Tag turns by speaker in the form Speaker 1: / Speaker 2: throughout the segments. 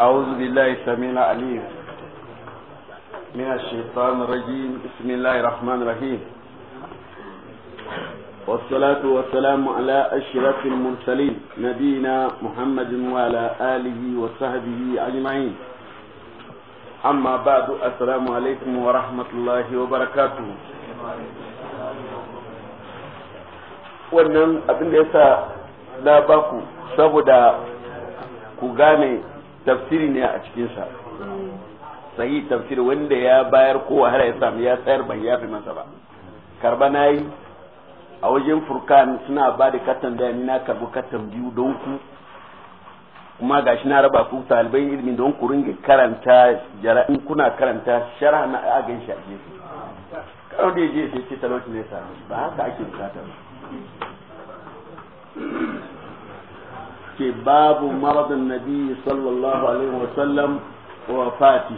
Speaker 1: أعوذ بالله السميع العليم من الشيطان الرجيم بسم الله الرحمن الرحيم والصلاة والسلام على أشرف المرسلين نبينا محمد وعلى آله وصحبه أجمعين أما بعد السلام عليكم ورحمة الله وبركاته wannan abin da yasa na baku saboda ku gane tafsiri ne a cikinsa sahi tafsiri wanda ya bayar ko wahala ya samu ya tsayar ya yafi masa ba karba na yi a wajen furkan suna ba da katan da ni na karbi katan biyu don ku kuma gashi na raba ku talibai ilimi don ku ringa karanta jara'in kuna karanta sharha na agan shi a gefe karo da ya je sai ce talauci ne sami ba haka ake bukata
Speaker 2: ba
Speaker 1: ke babu maradin nabi sallallahu alaihi wasallam wa fati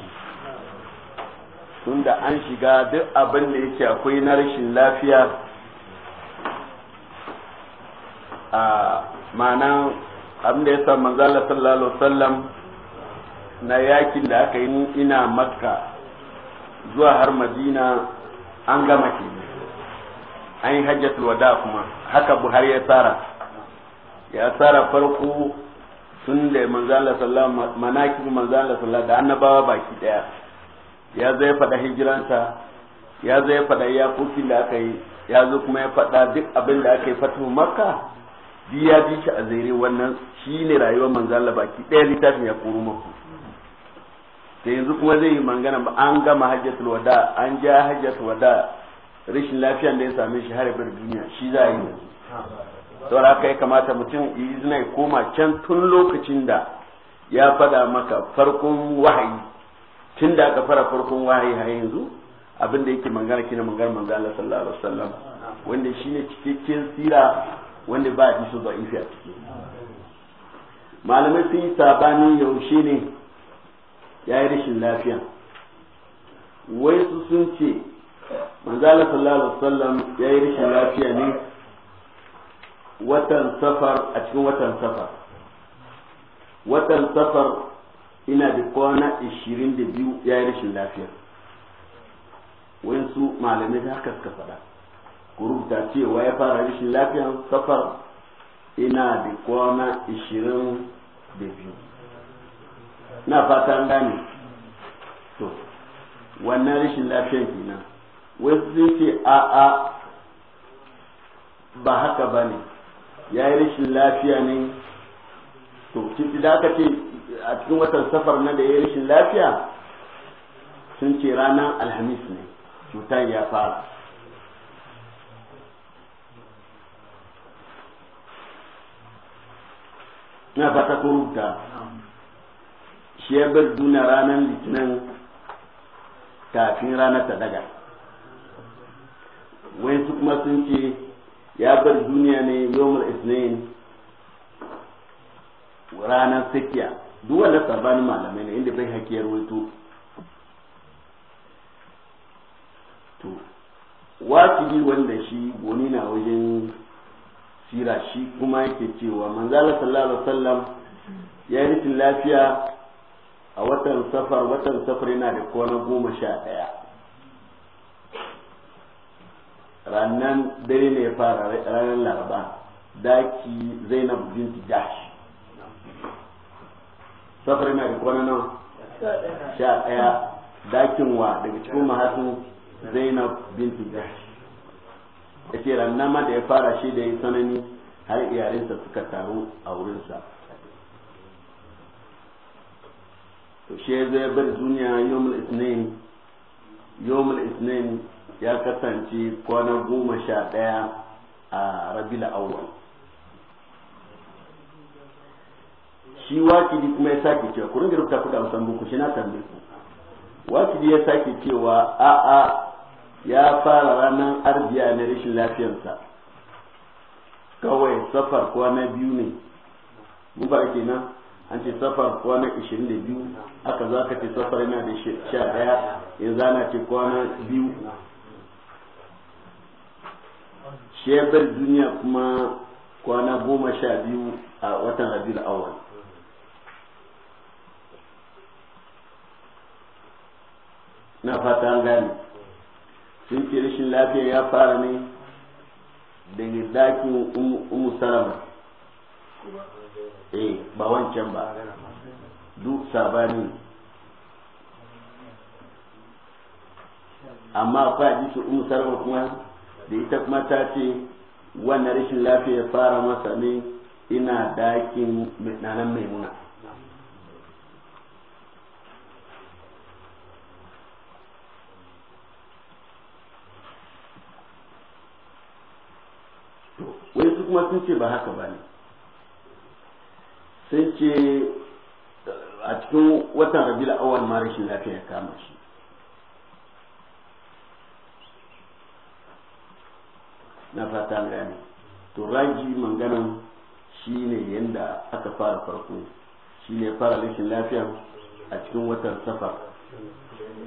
Speaker 1: tunda an shiga duk abin da yake akwai na rashin lafiya a ma'ana abin da ya sa manzala sallallahu alaihi wasallam na yakin da aka yi ina makka zuwa har madina an gama ke an yi hajjatul wada kuma haka buhari ya tsara ya tsara farko tun da manzala sallallahu manakin manzala sallallahu da annabawa baki daya ya zai faɗa hijiransa ya zai faɗa iyakokin da aka yi ya zo kuma ya faɗa duk abin da aka yi fatu makka bi ya bi shi a zaire wannan shi ne rayuwar manzala baki daya littafin ya koro maku sai yanzu kuma zai yi mangana ba an gama hajjatul wada an ja hajjatul wada rashin lafiyan da ya same shi har bar duniya shi za a yi
Speaker 2: yanzu
Speaker 1: saboda haka ya kamata mutum izina ya koma can tun lokacin da ya fada maka farkon wahayi tun da aka fara farkon wahayi har yanzu abin da yake magana kina magana manzo Allah sallallahu alaihi wasallam wanda shine cikakken sira wanda ba isu da ifi a ciki malamai sun yi sabani yaushe ne ya yi rashin lafiya wai su sun ce manzo Allah sallallahu alaihi wasallam ya yi rashin lafiya ne watan safar a cikin watan safar watan safar ina da kwana 22 ya yi rashin lafiya wayansu malamai da haka suka faɗa ku rubuta cewa ya fara rashin lafiya safar ina da kwana 22 na fatan gane to wannan rashin lafiyan kenan wasu zai ce a'a ba haka ba ne ya yi rashin lafiya ne to ciki da aka ce a cikin watan safar na da ya yi rashin lafiya sun ce ranar alhamis ne cutar ya fara na fata ko rubuta shi ya bar duna ranar litinin kafin ranar ta daga wani su kuma sun ce ya bar duniya ne yawmul isnin ranar tsakiya duk wanda sabanin malamai ne inda bai hakiyar wato to wajibi wanda shi goni na wajen sira shi kuma yake cewa manzala sallallahu alaihi wasallam ya yi lafiya a watan safar watan safar yana da kwana goma sha ɗaya rannan dare ne ya fara ranar laraba daki zainab binti jahsh safar da kwana nan sha ɗaya dakin wa daga cikin mahasin zainab binti jahsh ya ce rannan ma da ya fara shi da ya sanani har iyalinsa suka taru a wurinsa to shi ya zai bar duniya yomul isnin yomul isnin ya kasance kwana goma sha ɗaya a rabila awwal shi wakili kuma ya sake cewa ku da rubuta kuɗa amsan buku shi na tambi wakili ya sake cewa a'a ya fara ranar arziya na rashin lafiyarsa kawai safar kwana biyu ne mu ba nan an ce safar kwana 22 aka za ka ce safar yana da 11 yanzu ana ce kwana biyu shi duniya kuma kwana goma sha biyu a watan rabiul awal na fata an gane sun ce rashin lafiya ya fara ne daga dakin umu salama eh ba wancan ba duk sabani amma kwa hadisi umu salama kuma da ita kuma ta ce wannan rashin lafiya ya fara masa ne ina dakin nanan maimuna wai su kuma sun ce ba haka ba ne sun ce a cikin watan rabi awal ma rashin lafiya ya kama shi na fata gane to raji manganan shine yanda aka fara farko shine fara rashin lafiya a cikin watan safar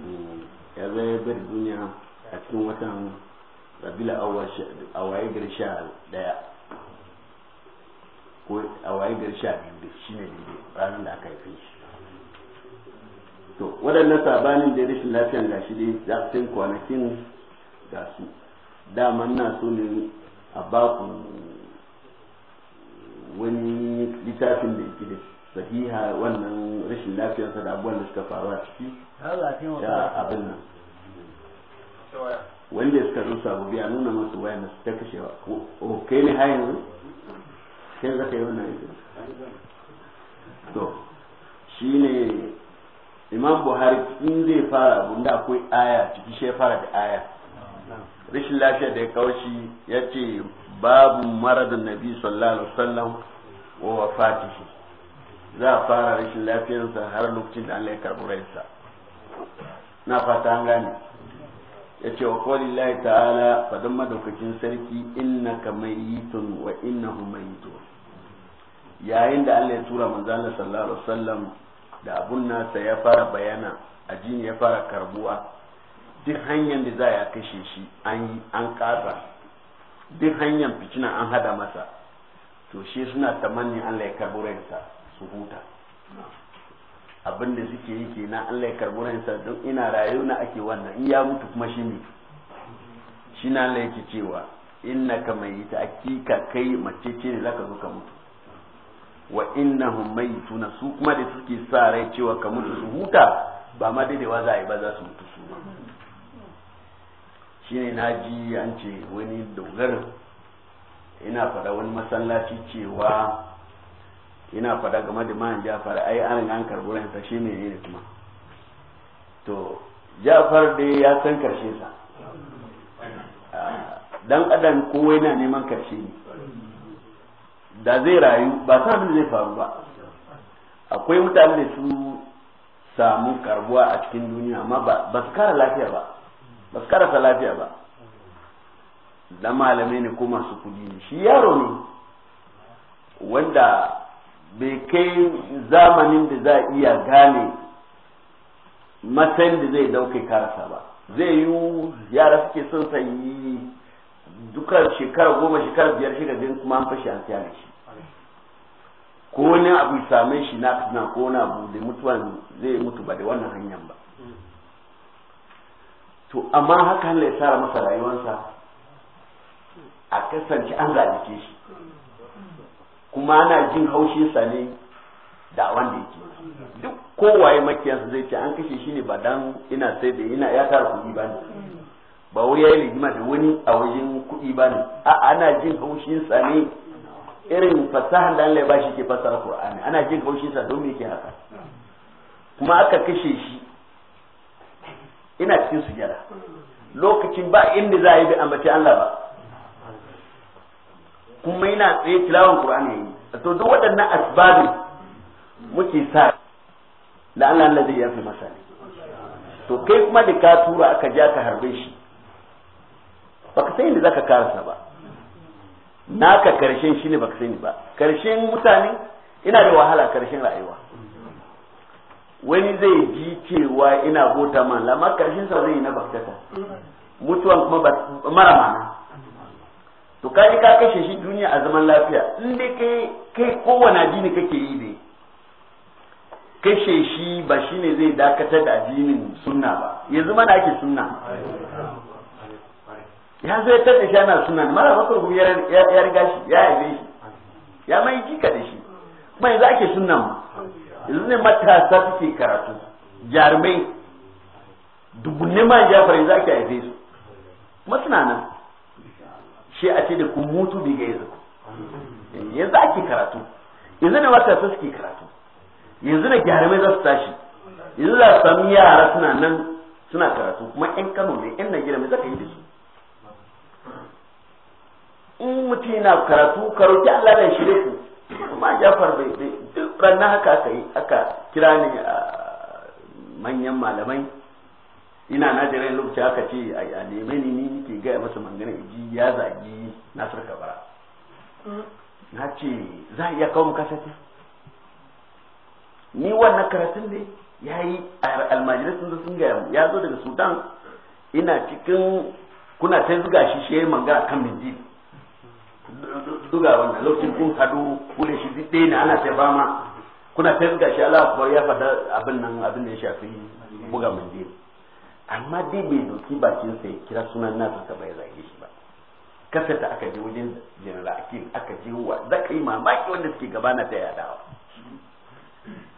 Speaker 1: mm, ya zai bar duniya a cikin watan rabila a waye gari sha daya ko a waye gari sha biyu shine daidai ranar da aka yi shi to waɗannan sabanin da rashin lafiyan shi dai za su kwanakin gasu dama na so ne a baku wani littafin da yake da sahiha wannan rashin lafiyarsa da abubuwan da suka faru a
Speaker 3: ciki ya abin nan
Speaker 1: wanda suka zo sabu a nuna masu waya na su ta kashewa ko kai ne hayan wani kai za ka yi wannan yanzu to shi ne imam buhari in zai fara abu da akwai aya ciki shi fara da aya rashin lafiya da ya kaushi ya ce babu maradin nabi sallallahu alaihi wasallam wa wafatihi za a fara rashin lafiyarsa har lokacin da Allah ya karɓi raisa na fata an gane ya ce wa kawai lai ta'ala fadin madaukakin sarki inna ka mayitun wa inna hu tun yayin da Allah ya tura manzana sallallahu alaihi wasallam da abun nasa ya fara bayana jini ya fara karbuwa duk hanyar da za ya kashe shi an yi an ƙasa duk hanyar fitina an hada masa to shi suna tamanni Allah ya karbi ransa su huta abin da suke yi kenan Allah ya karbi ransa don ina rayu na ake wannan in ya mutu kuma shi ne shi na Allah yake cewa innaka mayyita akika kai mace ce ne zaka zo ka mutu wa yi tuna su kuma da suke sa rai cewa ka mutu su huta ba ma daidaiwa za a yi ba za su mutu su shine na ji an ce wani dogarin ina fada wani masallaci cewa ina fada game da man jafar ai an an karbo ran shi shi ne kuma to jafar dai ya san karshe sa dan adam kowa yana neman karshe ne da zai rayu ba sa abin zai faru ba akwai mutane da su samu karbuwa a cikin duniya amma ba su kara lafiya ba ba su karasa lafiya ba da malamai ne ko masu kudi shi yaro ne wanda bai kai zamanin da za iya gane matsayin da zai dauke karasa ba zai yi yara suke son sa yi duka shekara goma shekara biyar shekara zai kuma an fashe an siya shi ko wani abu same shi na ko wani abu da mutuwa zai mutu ba da wannan hanyar ba to amma haka Allah ya tsara masa rayuwarsa a kasance an zalike shi kuma ana jin haushinsa ne da wanda yake duk kowaye makiyansa zai ce an kashe shi ne ba dan ina sai da ina ya tara kuɗi ba ne ba wai ya yi rigima da wani a wajen kuɗi ba ne a ana jin haushinsa ne irin fasahan da Allah ya bashi ke fasara Qur'ani ana jin haushinsa don me yake haka kuma aka kashe shi ina cikin sujada lokacin ba inda za a yi bi ambaci Allah ba kuma ina tsaye tilawan Qur'ani yayi to duk waɗannan asbabin muke sa la Allah zai yafi masa to kai kuma da ka tura aka ja ka harbe shi baka san inda zaka karasa ba naka karshen shine baka sani ba karshen mutane ina da wahala karshen rayuwa wani zai ji cewa ina bota man lamar karshen sa zai yi na bakdata mutuwan kuma mara mana to kaji ka kashe shi duniya a zaman lafiya in dai kai kai kowane addini kake yi ne kashe shi ba shi ne zai dakatar da addinin sunna ba yanzu mana ake sunna ya zo ya shi ana sunna mara bakar gumi ya riga shi ya haife shi ya mai jika da shi kuma yanzu ake sunnan ma yanzu ne matasa suke karatu jarumai dubunne ma jafar yanzu ake haife su kuma suna nan shi a ce da ku mutu bi ga yanzu yanzu ake karatu yanzu ne matasa suke karatu yanzu ne jarumai za su tashi yanzu za su sami yara suna nan suna karatu kuma yan kano ne yan najeriya mai zaka yi da su in mutum yana karatu karoti Allah da shirye ku ma jafar bai bai duk ranar haka aka yi aka kira ni a manyan malamai ina na jiran lokaci aka ce a neme ni ni nike gaya masa mangana ji ya zagi nasir kabara mm. na ce za a iya kawo mu kasata ni wannan karatun ne ya yi almajirai sun zo sun gaya mu ya zo daga sudan ina cikin kuna ta zuga shi shi manga kan minjili duga wannan lokacin kun hadu kure shi duk ɗaya ne ana ta fama kuna ta buga shi Allah akbar ya fada abin nan abin da ya shafi buga mandir amma dai bai doki bakin sai kira sunan nasa ka bai zage shi ba kasata aka je wajen general akil aka je wa da kai mamaki wanda suke gaba na ta yadawa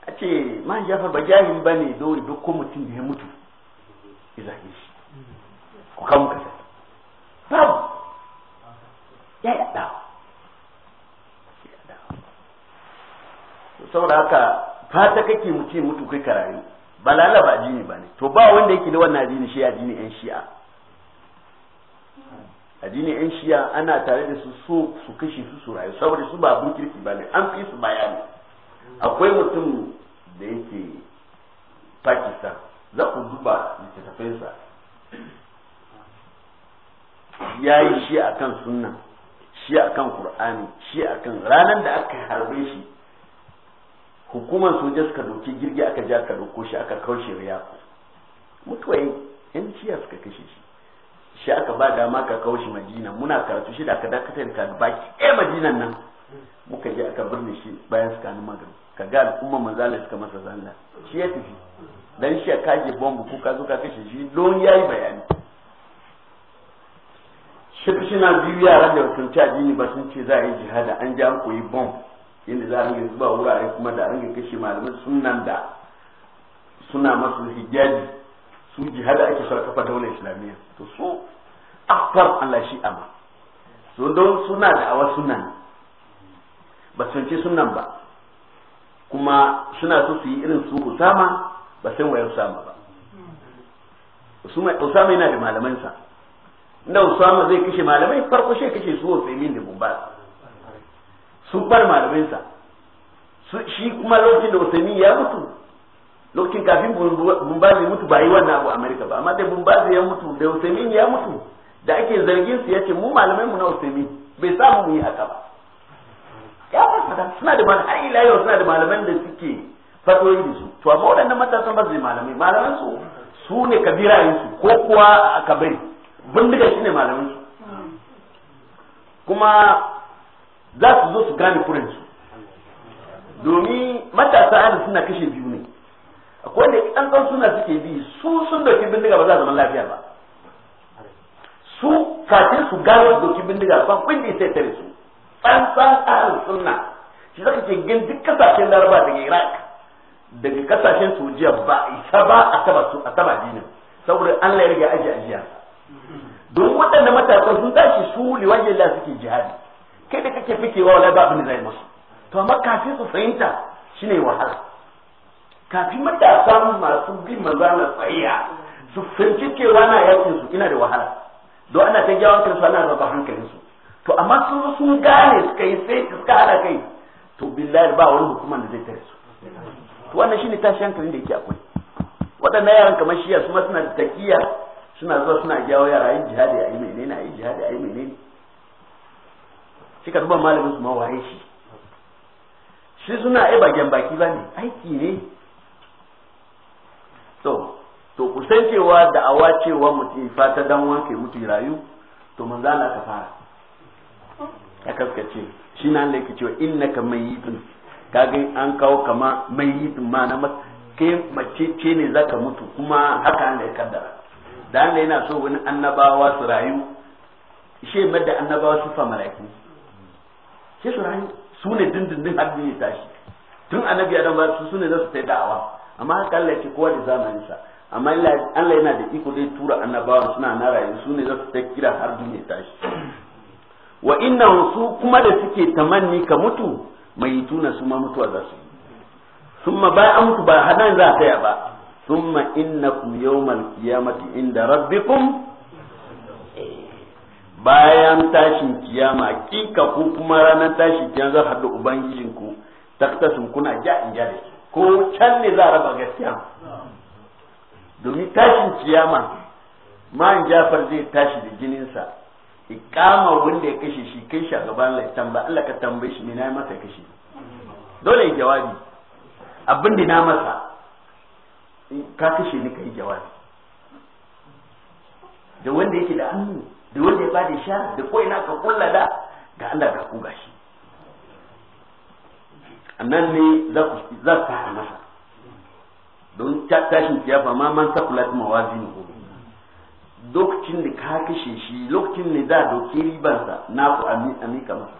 Speaker 1: a ce man jafar ba jahil ba ne dole duk ko mutum da ya mutu ya zage shi ku kawo kasata babu yaya dawa saboda haka fata kake mu mutu kai karayu ba lalaba addini ba ne to ba wanda yake da wannan addini shi addini yan shi'a addini yan shi'a ana tare da su so su kashe su su rayu saboda su ba abun kirki ba ne an fi su bayani akwai mutum da yake pakistan za ku duba littattafansa ya yi shi a kan sunna shi akan qur'ani shi akan ranar da aka harbe shi hukumar soja suka doki jirgi aka ja aka doko shi aka kaushe riya mutuwai yan ciya suka kashe shi shi aka ba dama ka kaushe madina muna karatu shi da aka dakatar kaga baki eh majinan nan muka je aka birne shi bayan suka ni magana ka ga al'umma manzala suka masa zalla shi ya tafi dan shi ya kage bombu ko ka zo ka kashe shi don yayi bayani shirshina biyu yaran da sun ci addini ba sun ce za a yi jihada an ji an koyi bom inda za a ringa zuba wurare kuma da ringa kashe malamai sunan da suna masu hijabi su jihada ake sa kafa daular islamiyya to su akbar Allah shi amma so don suna da awa sunan ba sun ce sunan ba kuma suna so su yi irin su Usama ba san waye Usama ba Usama yana da malamansa na usama zai kashe malamai farko shi kashe su femin da bumbas su bar malaminsa shi kuma lokacin da usami ya mutu lokacin kafin bumbas zai mutu ba yi wannan abu amerika ba amma da zai ya mutu da usami ya mutu da ake zargin su yace mu malamai mu na usami bai samu mu yi haka ba ya fasa suna da malamai har ila yau suna da malaman da suke fatoyi da su to amma waɗannan matasan ba malamai malaman su su ne kabirayen ko kuwa a kabari bindiga ne malamin su kuma za su zo su gane kurin su domin matasa ana suna kashe biyu ne akwai da tsantsan suna suke bi su sun doki bindiga ba za zama lafiya ba su kafin su gano doki bindiga ba kundi sai tare su tsantsan ahlus sunna shi zaka ce gin duk kasashen laraba daga iraq daga kasashen sojiya ba isa ba a taba su a taba dinin saboda Allah ya riga aji ajiya don waɗanda matasan sun tashi su liwaje la suke jihadi kai da kake fikewa wala ba abin da zai musu to amma kafin su fahimta shine wahala kafin matasa masu bin na tsayya su fahimci cewa na yakin su ina da wahala don ana ta gyawon kansu ana raba hankalin su to amma sun sun gane su kai sai suka hada kai to billahi ba wani hukuman da zai tare su to wannan shine tashi hankalin da yake akwai waɗannan yaran kamar shiya su ma suna da takiya suna zuwa suna jawo yara yin jihadi a yi menene a yi jihadi a yi menene shi ka zuba malamin su ma waye shi shi suna ai bagen baki ba ne aiki ne to to kusan cewa da awa cewa mutum fata dan wanke mutu rayu to manzo Allah ka fara ya kaskace shi na nan da ka cewa innaka mayyitun kaga an kawo kama mayyitun ma na kai mace ce ne ka mutu kuma haka Allah ya kaddara da Allah yana so wani annabawa su rayu shi mai da annabawa su fa mala'iku shi su rayu su ne dindindin har ne tashi tun annabi adam ba su su ne za su sai da'awa amma haka Allah yake kowa da zamanin sa amma Allah yana da iko dai tura annabawa suna na rayu su ne za su sai kira har duniya tashi wa inna su kuma da suke tamanni ka mutu mai tuna su ma mutuwa za su yi sun ma bayan mutu ba hadan za ta taya ba ثم إنكم يوم القيامة عند ربكم bayan tashin kiyama kika ku kuma ranar tashin kiyama za haɗu ubangijin ku taktasun kuna ja in ja da ko can ne za a raba gaskiya domin tashin kiyama man jafar zai tashi da jininsa ikama wanda ya kashe shi kai shi a gaban laitan ba Allah ka tambaye shi ne na masa kashe dole jawabi abin da na masa ka kashe ni kai jawabi da wanda yake da hannu da wanda ya bada sha da ko ina ka kulla da ga Allah ga ku gashi annan ne za ku za ku fara masa don tashin kiyafa ma man mawazin ku lokacin da ka kashe shi lokacin ne za a riban sa? na ku amika masa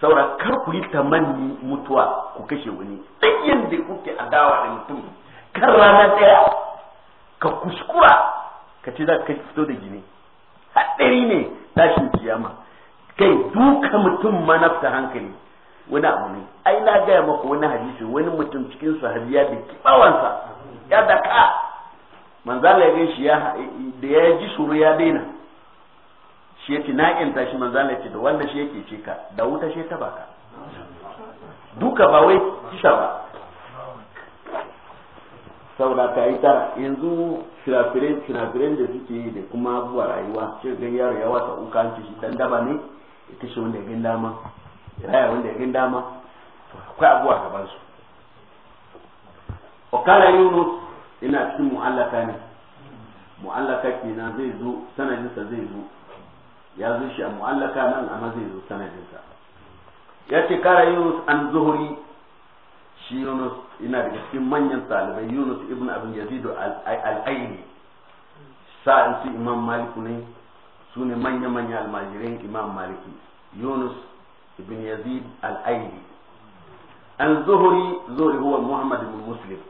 Speaker 1: saura kar ku yi tamanni mutuwa ku kashe wani ɗayan da kuke adawa da mutum kan rana ɗaya ka kuskura ka ce za ka fito da gini haɗari ne tashin kiyama kai duka mutum manafta hankali wani abu ne ai na gaya maka wani hadisi wani mutum cikin su ya da kibawansa ya da ka manzala ya shi ya da ya ji tsoro ya daina shi yake na tashi shi manzala yace da wanda shi yake ce ka da wuta shi ta baka duka ba wai kisha ba saboda ta yi tara yanzu finafiren da suke yi da kuma abubuwa rayuwa shi ga yaro ya wata uka an shi dan daba ne ya kashe wanda ya gina dama ya raya wanda ya gina dama akwai abubuwa gaban su wakala yunus ina cikin mu'allaka ne mu'allaka kenan zai zo sanadinsa zai zo ya zo shi a mu'allaka nan amma zai zo sanadinsa ya ce kara yunus an zuhuri shi yunus ina daga cikin manyan salibai Yunus ibn Abi Yazid al-Aini sa'an su Imam Malik ne su ne manya-manya almajirin Imam Maliki Yunus ibn Yazid al an zuhuri zuhuri huwa Muhammad ibn Muslim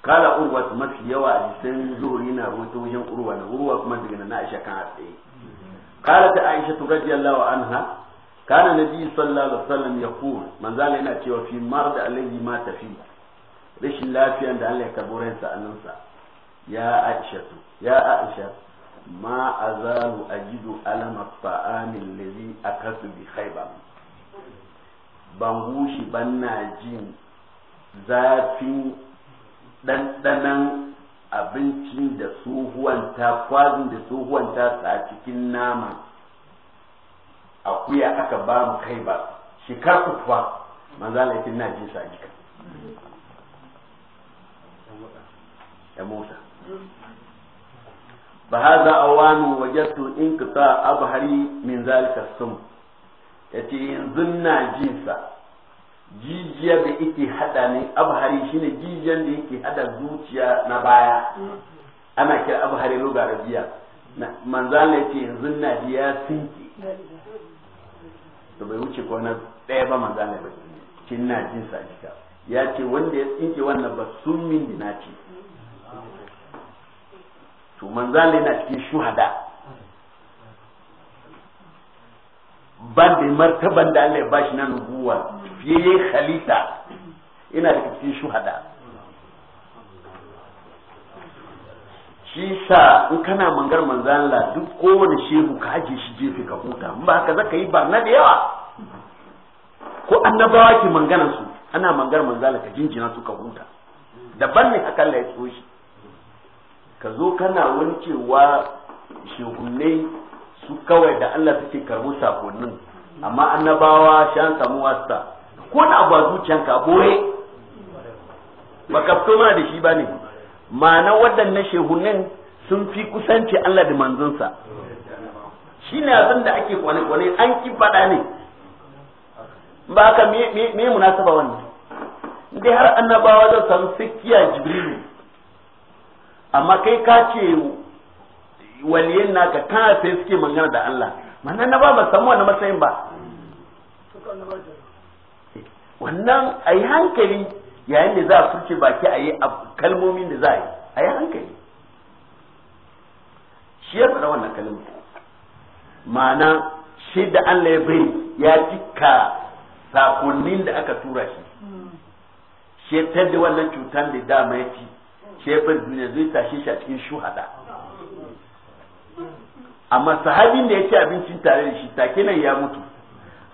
Speaker 1: kala urwa mafi yawa a jisan zuhuri na rubuta wajen urwa na urwa kuma daga na Aisha kan a tsaye ta aisha رضي الله عنها kana nabi sallallahu alaihi wasallam yaqul manzo Allah yana cewa fi marda alladhi ma tafi rashin lafiyan da Allah ya karburin sa annansa ya Aisha ya Aisha ma azalu ajidu alama ta'amin alladhi akasu bi khaybar ban hushi ban na jin zafin ɗanɗanan abinci da tsohuwan ta kwazin da tsohuwan ta a cikin nama akuya aka ba mu kai ba shekar kutuwa manzo Allah yake ina jin sa jika ya Musa ba hadha awanu wajadtu inqita abhari min zalika sum yace yanzu na jin sa jijiya da yake hada ne abhari shine jijiyan da yake hada zuciya na baya ana kira abhari lugarabiya manzo Allah yace yanzu na ji ya sinki to bai wuce kwana ɗaya ba manzo Allah ba kin na jin sa jika ya ce wanda ya tsinke wannan ba sun min dinaci to manzo Allah yana cikin shuhada ban da martaban da Allah ya bashi na nubuwa fiye khalifa ina da cikin shuhada shi sa in kana mangar manzan la duk kowane shehu ka aje shi jefe ka huta ba ka zaka yi barna da yawa ko annabawa ke mangana su ana mangar manzan ka jinjina su ka huta daban ne aka Allah ya so shi ka zo kana wani cewa su kawai da Allah suke karbo sakonnin amma annabawa an samu wasta ko na abu a zuciyanka boye Ba fito mana da shi ba ne ma'ana waɗannan shehunin sun fi kusanci Allah da manzonsa shi ne abin da ake kwane-kwane an ki faɗa ne ba haka me munasaba wannan dai har annabawa zan samu sikiya jibrilu amma kai ka ce waliyin naka kana sai suke magana da Allah mana na ba ba samu wani matsayin ba wannan a yi hankali yayin da za a furce baki a yi kalmomin da za a yi a yi hankali shi ya faɗa wannan ma'ana shi da Allah ya bai ya cika sakonnin da aka tura shi shi ya da wannan cutar da dama ya ci shi ya bar duniya zai tashe shi a cikin shuhada amma sahabin da ya ci abincin tare da shi take nan ya mutu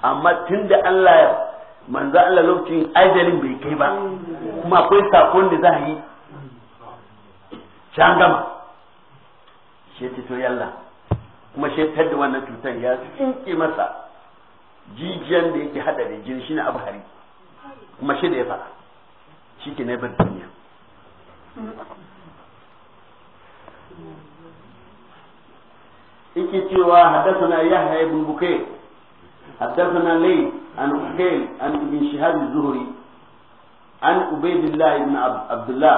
Speaker 1: amma tun da Allah ya. manzo Allah lokacin ajalin bai kai ba kuma akwai sakon da za a yi can gama shi ta to yalla kuma shi da wannan cutar ya tsinke masa jijiyan da yake hada da jini shine abu hari kuma shi da ya faɗa shi ke na bar duniya yake cewa na yahya ibn bukayr حدثنا لي عن أحيل عن ابن شهاب الزهري عن عبيد الله بن عبد الله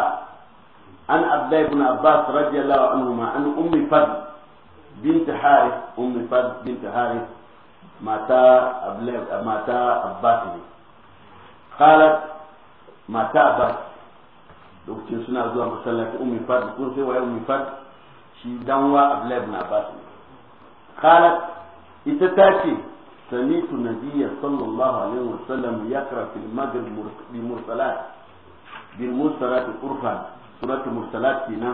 Speaker 1: عن عبد الله بن عباس رضي الله عنهما عن أم فضل بنت حارث أم فضل بنت حارث ماتا ماتا عباس قالت ماتا عباس lokacin suna zuwa masallaci أم fad كل شيء وهي أم fad shi دعوة abdullahi ibn abbas qalat ita ta ce سمعت النبي صلى الله عليه وسلم يقرأ في المغرب بالمرسلات بالمرسلات عرفا سورة المرسلات هنا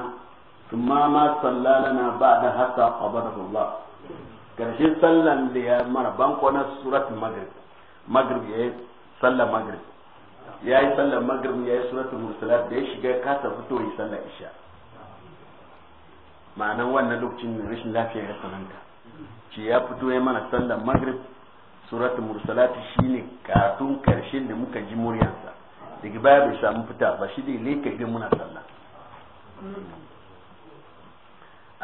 Speaker 1: ثم ما صلى لنا بعد حتى قبضه الله karshen sallan da ya mara banko na surat maghrib maghrib ya yi ya yi sallan maghrib ya yi suratul mursalat da ya shiga kasa fito yi sallan isha ma'anan wannan lokacin rashin lafiya ya sananta ce ya fito ya mana sallan maghrib suratul mursalat shine katun karshen da muka ji muryansa daga baya bai samu fita ba shi dai leka ga muna sallah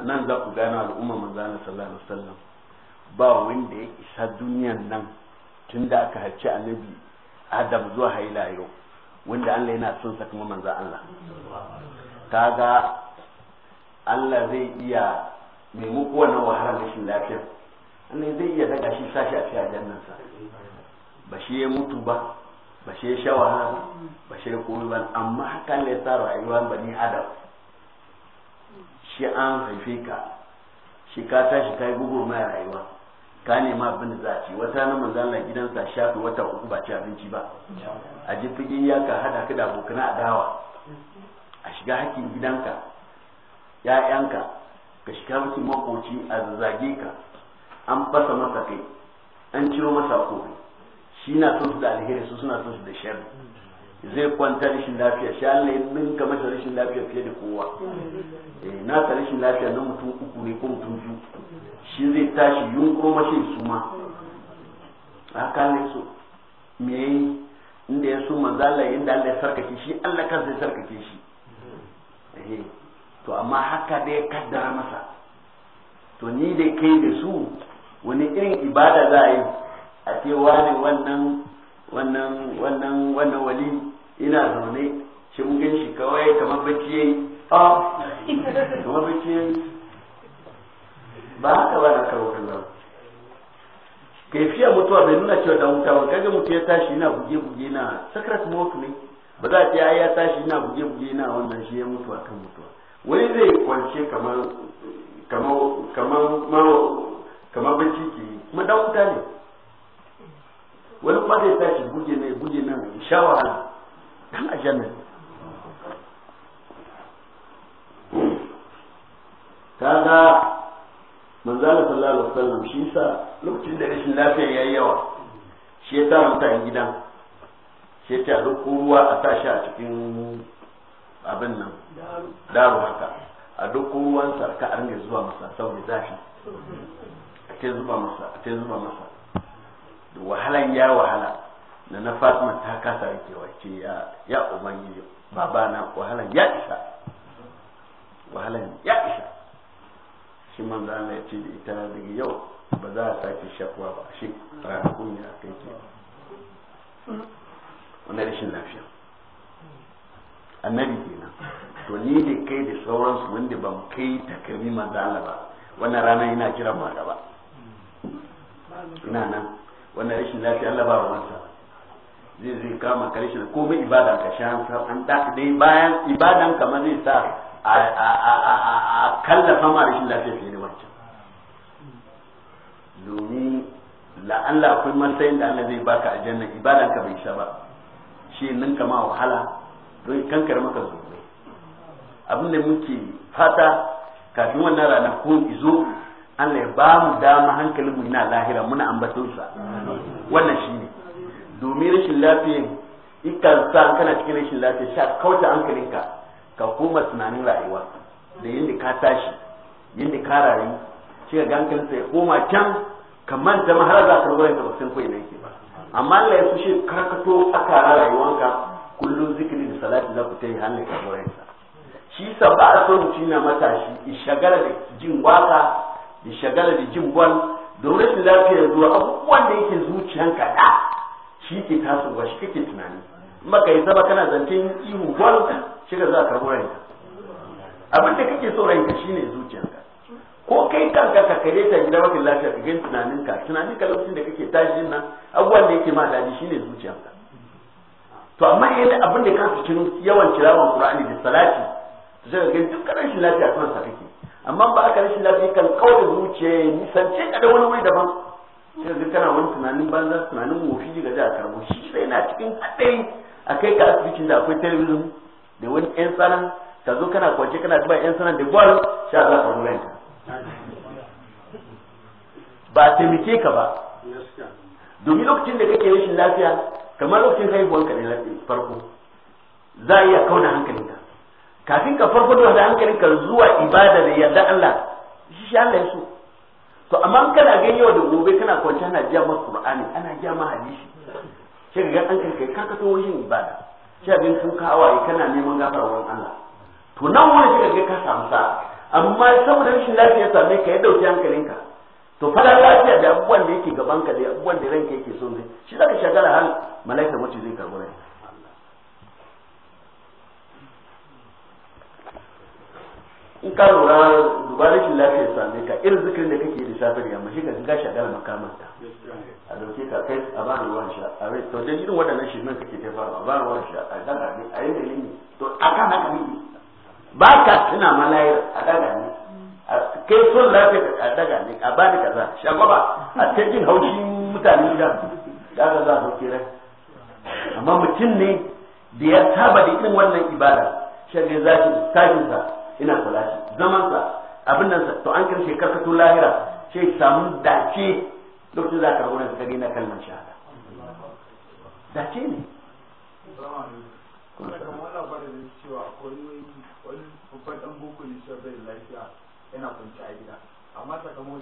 Speaker 1: anan za ku gano al'umma manzo Allah sallallahu alaihi wasallam ba wanda ya isa duniyan nan tun da aka harci annabi Adam zuwa haila yau wanda Allah yana son sa kuma manzo Allah kaga Allah zai iya mai muku wannan wahalar rashin lafiya ne zai iya daga shi sashi a cikin aljannan sa ba shi ya mutu ba ba shi ya sha wahala ba ba shi ya koyi ba amma haka ne ya sa rayuwar bani adam shi an haife ka shi ka tashi ka yi gugu mai rayuwa ka nema abin da za a ci wata na manzana gidansa shafi wata uku ba ci abinci ba a ji figin ya ka hada ka da abokan adawa a shiga hakkin gidanka ya'yanka ka shiga musu makoci a zage ka an fasa masa kai an ciro masa kofi shi na son su da alheri su suna son su da sharri zai kwanta rashin lafiya shi Allah ya ninka masa rashin lafiya fiye da kowa eh, na ta rashin lafiya na mutum uku ne ko mutum biyu shi zai tashi yunkuro mashi suma haka ne su me inda ya so manzo Allah inda Allah ya sarkake shi Allah kansa ya sarkake shi eh, to amma haka da ya kaddara masa to ni da kai da su wani irin ibada za a yi a ce wani wannan wannan wannan wannan wali ina zaune shi mun gan shi kawai kamar bacci yayi a ah, kamar bacci yayi ba haka ba na karo kai fiya mutuwa bai nuna cewa dan mutawa ba kaga mutu ya tashi yana buge buge na sakrat mok ne ba za a ya tashi yana buge buge na wannan shi ya mutuwa akan mutuwa wani zai kwance kamar kamar kamar kamar bacci ke yi kuma dan wuta ne wani kuma zai tashi buge ne buge nan sha wahala dan aljanna ne kaga manzala sallallahu alaihi wasallam shi sa lokacin da rashin lafiya yayi yawa shi ya sa mutane gidan shi ya tara duk ruwa a sa shi a cikin abin nan daru haka a duk ruwan sarka a ringa zuwa masa saboda zafi ta zuba masa a ta zuba masa da wahalan ya wahala da na Fatima ta kasa yake ce ya ya ubangiji baba na wahalan ya isa wahalan ya isa shi manzo Allah ya ce da ita daga yau ba za a sake shakuwa ba shi ranakun ya kai ke wannan rashin lafiya annabi kenan to ni da kai da sauransu wanda ban kai takalmi manzo Allah ba wannan rana yana kira ma gaba ina nan wannan rashin lafiya Allah ba ruwansa zai zai kama karshen komai ibada ka sha an da dai bayan ibadan kamar zai sa a kallafa ma rashin lafiya fiye da wancan domin la'alla akwai matsayin da Allah zai baka a jannan ibadan ka bai sha ba shi nan kama wahala don kankar maka zuwa abin da muke fata kafin wannan rana ko izo Allah ya ba mu dama hankalin mu yana lahira muna ambaton sa wannan shi ne. domin rashin lafiya ikan sa kana cikin rashin lafiya sha kauta hankalinka ka koma tunanin rayuwa da yadda ka tashi yadda ka rayu shi ga hankalin ya koma can ka manta ma har za ka rubuta ka san ko ina yake ba amma Allah ya fushe karkato akara rayuwanka kullum zikiri da salati za ku ta yi hannun ka shi sa ba a son mutum na matashi ishagara da jin waka ya shagala da jin bal da rashin lafiyar zuwa abubuwan da yake zuciyanka da shi ke tasowa shi kake tunani maka yi zama kana zancen ihu bal shi ka za ka karɓo ranka abin da kake so ne shine zuciyanka ko kai kanka ka kare ta gida mafi lafiya ka gani tunaninka ka lokacin da kake tashi nan abubuwan da yake ma daɗi shine zuciyanka to amma yadda abin da kansu cikin yawan kirawan Qur'ani da salati to sai ka duk karan shi lafiya kan sa kake amma ba aka rashin lafiya kan kawai zuciya ya nisance ka da wani wuri daban sai da kana wani tunanin banza tunanin wofi ga za a karbo shi sai na cikin haɗari a kai ka asibitin da akwai talabijin da wani yan tsanan ka zo kana kwance kana duba yan tsanan da gwal sha za ka ruwa ba a taimake ka ba domin lokacin da kake rashin lafiya kamar lokacin haihuwanka ne farko za a iya kauna hankalinka kafin ka farko da hankalin ka zuwa ibada da yarda Allah shi shi Allah ya to amma kana gani yau da gobe kana kwanci ana jiya ma Qur'ani ana jiya ma hadisi sai ga an kai karkato wajen ibada sai abin sun kana neman gafarwar Allah to nan wani sai ga ka samu sa amma saboda rashin lafiya ya mai ka ya dauki hankalinka to da lafiya da abubuwan da yake gaban ka da abubuwan da ranka yake so ne shi zaka shagala har malaika mace zai karbi in ka lura duba rashin lafiya same ka irin zikirin da kake da safar yamma shi ka ga shagala makamanta a dauke ka kai a ba ruwan sha a rai to da irin shi nan kake ta fara a ba ruwan sha a dan a yi dalili to a kan haka ne ba ka tuna malayar a daga ne kai son lafiya a daga ne a ba da kaza shagwaba a ta jin haushin mutane da daga za a kira amma mutum ne da ya saba da irin wannan ibada za zafi tashinsa ina kula shi zaman sa abin nan to an karshe to lahira sai samu dace lokacin za ka nan na kalmar shahada
Speaker 4: dace ne a gida amma sakamakon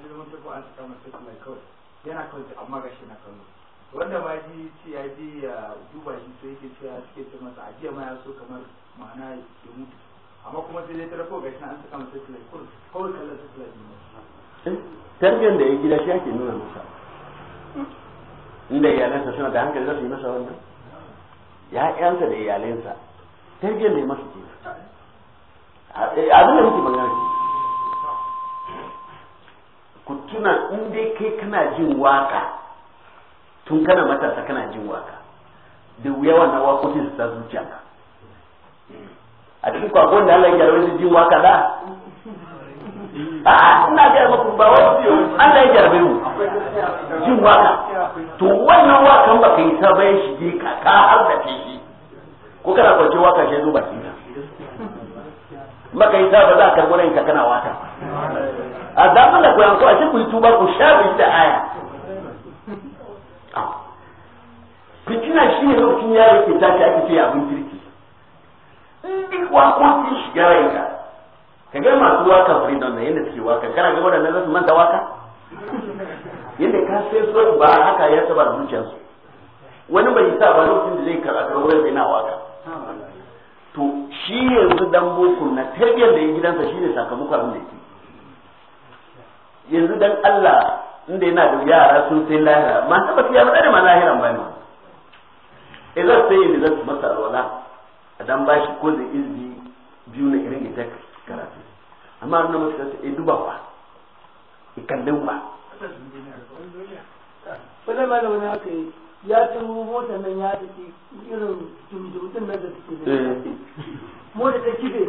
Speaker 4: na kano wanda ba ji ce ya je ya duba shi sai yake cewa suke ce masa ajiya ma ya so kamar ma'ana ya mutu amma kuma sai dai tarko ga shi an saka masa sifila kawai kallon sifila
Speaker 1: ne eh, tarbiyyar da ya gida shi ake nuna masa inda iyalansa suna da hankali za su yi masa wannan ya'yansa da iyalansa tarbiyyar ne masu ke eh, abin da muke magana ce ku tuna in dai kai kana jin waka tun kana matasa kana jin waka da wuya na wakokin su ta zuciya ka a cikin kwakwan da Allah ya gyara wani jin waka da A ina ga maku ba wai Allah ya gyara mu jin waka to wannan wakan ba kai ta bai shi je ka ka har da shi ko kana kwance waka shi zo baki ka maka yi ba za ka in ka kana waka a zaman da kuwa a ce ku yi tuba ku sha da aya fitina shi ne lokacin yaro ke tashi ake ce abin kirki in duk wakokin shiga ranka ka ga masu waka freedom na yadda suke waka kana ga waɗannan za su manta waka yadda ka sai so ba haka ya saba zuciyarsu wani bai sa ba lokacin da zai karatu wurin bai na waka to shi yanzu dan boko na tarbiyyar da ya gidansa shine sakamakon abin da yake yanzu dan Allah inda yana da yara sun sai lahira ma tabbata ya faɗa da ma lahiran bane idan eh, sai yanzu zan masa alwala a dan ba shi ko zai izbi biyu na irin ita karatu amma na masu kasa e duba ba e kallon ba
Speaker 4: wani ma da wani haka ya ci mota nan ya tafi irin jumjumtun nan da
Speaker 3: suke eh. mota ta kibe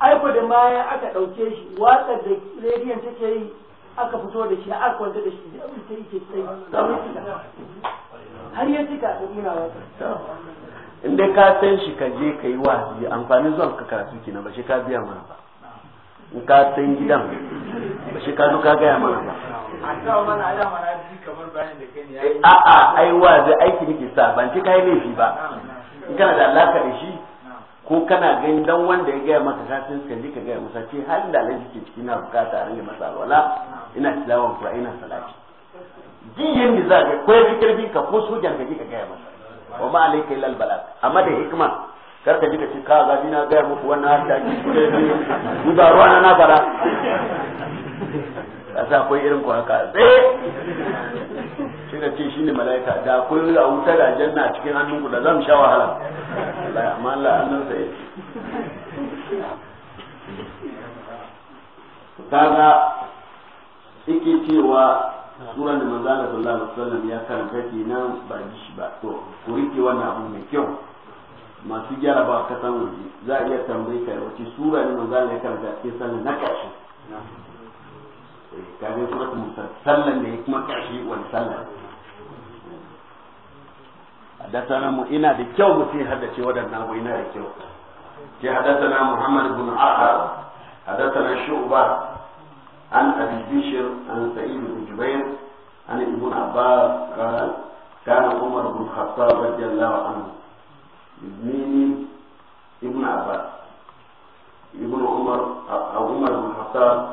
Speaker 3: aiko da ma aka dauke shi watsar da rediyon take yi aka fito da shi aka kwanta da shi da abin ta ke sai har ya cika da muna wata
Speaker 1: in dai ka san shi ka je ka yi wa'azi amfani zuwa ka karatu kina ba shi ka biya mana ba in ka san gidan ba shi ka zo ka gaya mana ba eh, a'a ai wa'azi aiki nake sa ban ci kai laifi ba in kana da alaka da shi ko kana gani dan wanda ya gaya maka ka san ka je ka gaya masa ce har da alaji ke ciki na bukata a rage masa alwala ina tilawan kuwa ina salati din yanda za ka koyar karfi ka ko sojan ka je ka gaya masa wa ma alayka illa albalag amma da hikma kar ka ji ka ce ka zabi na ga muku wannan harta ki ni ba ruwa na fara kasa akwai irin ku haka sai eh! shi da ce shine malaika da akwai a wuta da janna a cikin hannun ku da zan sha wahala Allah amma Allah hannun sa yake kaga yake cewa suran da manzo Allah sallallahu alaihi wasallam ya karanta ke nan ba shi ba to ku rike wannan abu mai kyau masu gyara ba ka san waje za a iya tambayi ka wace sura ne manzo Allah ya karanta ke sallan na kashi eh, ka ga suratul musallan sallan ne kuma kashi wani sallan حدثنا م... إنا بكيو متي حدثي ودنا وإنا بكيو حدثنا محمد بن عقر حدثنا شعبة عن أبي بشر عن سعيد بن جبير عن ابن عباس قال كان عمر بن الخطاب رضي الله عنه ابنين ابن عباس ابن عمر أو عمر بن الخطاب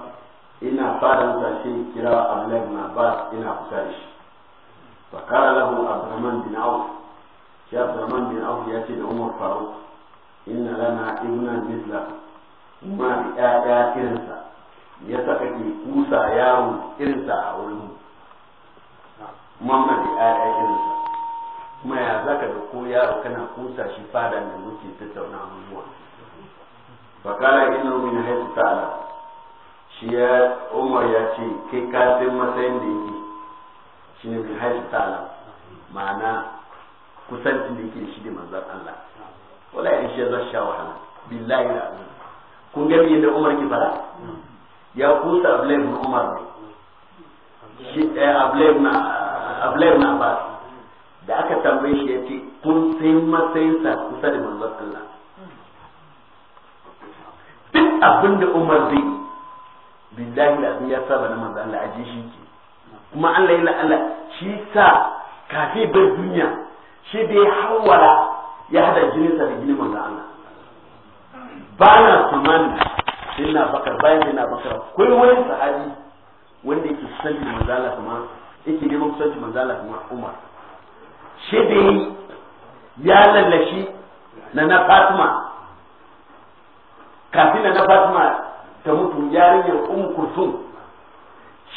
Speaker 1: إن فارن شيء كراء عبد ابن عباس إن أقساش فقال له عبد الرحمن بن عوف يا عبد الرحمن بن عوف يأتي عمر فاروق إن لنا ابنا مثله ما بآياتنا ya saka ke kusa yaro irinsa a wurin mamman da ya'ya irinsa kuma ya zaka da ko yaro kana kusa shi fada da muke tattauna abubuwa bakara nomi na haisu ta'ala shi ya umar ya ce kai ka san matsayin da yake shi ne mai haisu ta'ala ma'ana kusancin da yake shi da manzan Allah wala in shi ya zasha wahala billahi da kun ga yadda umar ki fara ya kusa abulai na umar shi eh, abulai na abbas da aka tambaye shi ya ce kun sai matsayinsa kusa da manzon Allah duk abin da umar zai billahi da abin ya saba na manzon Allah aje shi ke kuma Allah ya la'ala shi sa kafin bai duniya shi da ya hawara ya hada jininsa da jinin manzon Allah ba na tsammani sai na bakar bayan sai na bakar akwai wani sahabi wanda yake sanji manzala kuma yake neman kusanci manzala kuma Umar shi da yi ya lallashi na na Fatima kafin na na Fatima ta mutu yarinyar umar kursun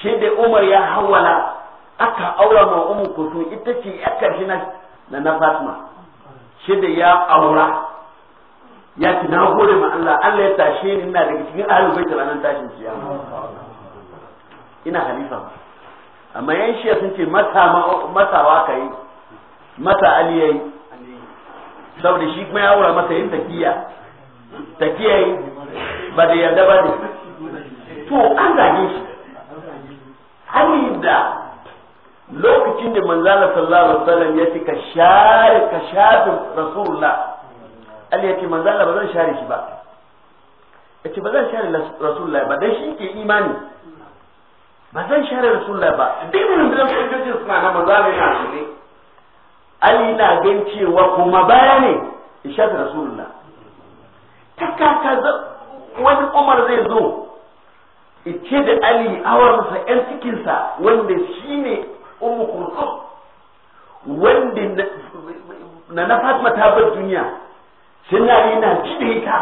Speaker 1: shi da Umar ya hawala aka aura ma umar kursun ita ce ya karshe na na Fatima shi da ya aura ya ci na gode ma Allah Allah ya tashe ni ina daga cikin ahlul bait ranan tashin kiyama ina halifa amma yan shi sun ce mata wa kai mata ali yayi saboda shi kuma ya aura mata yin takiya takiya yi ba da yarda ba ne to an zage shi hali da lokacin da manzala sallallahu alaihi wasallam ya ce ka share ka shafe rasulullah Allah ya ce manzo Allah ba zan share shi ba yace ba zan share rasulullahi ba dan shi ke imani ba zan share rasulullahi ba duk rundunar sojojin suna na manzo Allah yana shirye Ali na gan cewa kuma baya ne ishat rasulullah ta kaka wani Umar zai zo ice da Ali awarsa ƴan cikinsa wanda shi ne Ummu Kulthum wanda na na Fatima ta bar duniya sai na na cide ta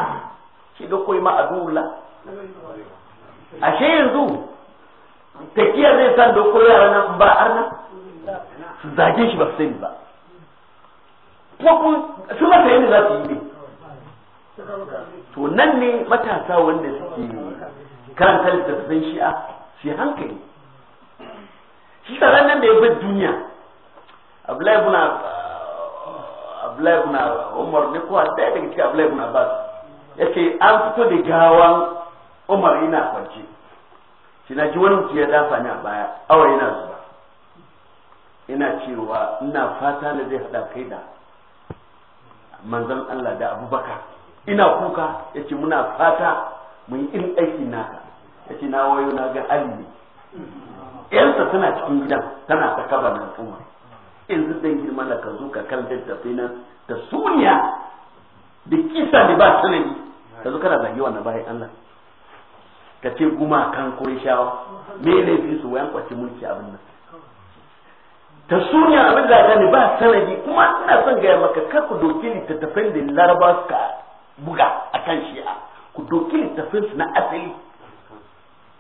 Speaker 1: shi ga koyi ma a she yanzu takiya zai san da koyi yara nan ba arna su zage shi ba su sani ba kuma kun su masa za su yi ne to nan ne matasa wanda suke karanta littattafan shi'a shi hankali shi tsaron nan da ya bar duniya abdullahi ibn Abdullahi ibn Umar ne ko da daga cikin Abdullahi ibn Abbas yace an fito da gawan Umar yana kwance shi na ji wani mutum ya dafa ni a baya awa yana zuba ina cewa ina fata na zai hada kai da manzon Allah da Abubakar ina kuka yace muna fata mu yi irin aiki naka yace na wayo na ga Ali ne yansa tana cikin gidan tana ta kaba nan Umar yanzu zan girma da ka zo ka karanta da fina da suniya da kisa da ba sanadi ka zo kana zagi wannan bayan Allah ka ce gumakan shawa, me ne fi su wayan kwace mulki abin nan ta suniya abin da gani ba sanadi kuma ina son gaya maka kar ku doki littattafan da laraba suka buga akan shi'a ku doki littattafan su na asali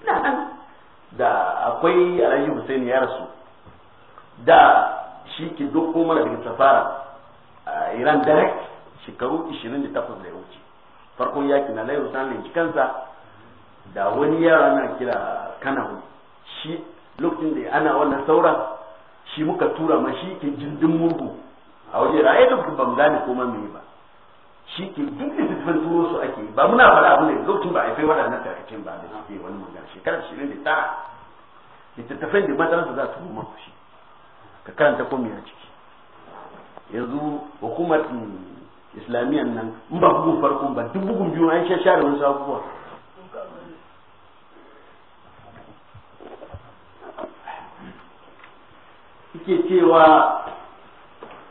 Speaker 1: ina nan da akwai alhaji Hussein ya rasu da shi ki doko mana daga safara a iran direct shekaru 28 da ya wuce farkon yaki na layu sanin kansa da wani yara na kira kanahu shi lokacin da ana wannan saura shi muka tura ma shi ke jindin murhu a waje ra'ayi da ban gane koma me ba shi ke duk da tafin turo su ake ba muna fara abu ne lokacin ba a haifai waɗannan tarkacin ba da suke wani magana shekarar shirin da ita littattafai da mataransa za su kuma maku shi ka karanta ko a ciki yanzu hukumar mm, islamiyan nan in ba bugun farko ba duk bugun biyu an sha share wasu abubuwa suke cewa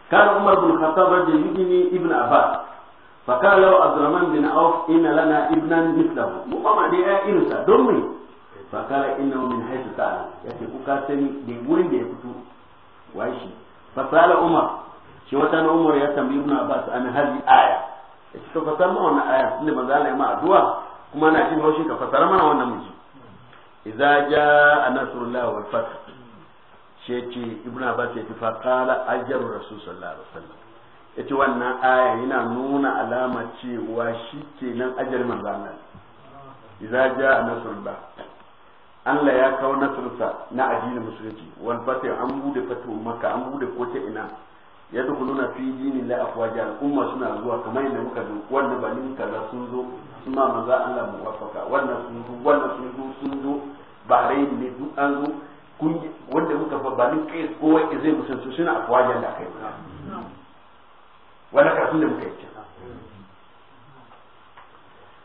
Speaker 1: kana umar bin khattab rajulini ibn abbas fa kana law abdurrahman bin auf inna lana ibnan mithlahu mu ba ma da ya irinsa don me fa kana inna min haythu ta'ala yace ku ka sani da wurin da ya fito wai shi fasala umar shi wata na umar ya tambayi ibn abbas an hali aya shi ka fasara mana wannan aya tunda manzo Allah ya ma addu'a kuma na jin haushin ka fasara mana wannan miji idza jaa nasrullah wal fath shi ce ibn abbas ya tafa kala ajru rasul sallallahu alaihi wasallam yace wannan aya yana nuna alama cewa shikenan ajal manzo Allah idza jaa nasrullah Allah ya kawo nasarsa na addinin musulunci wal fatih an bude fatu maka an bude kote ina ya dukuluna fi dinin la afwaja al'umma suna zuwa kamar yadda muka zo wannan ni kaza sun zo sun ma manzo Allah wafaka wannan sun zo wannan sun zo sun zo rai ne duk an zo kun wanda muka fa ni kai kowa zai musulunci suna afwaja da kai wannan karatun da muka yi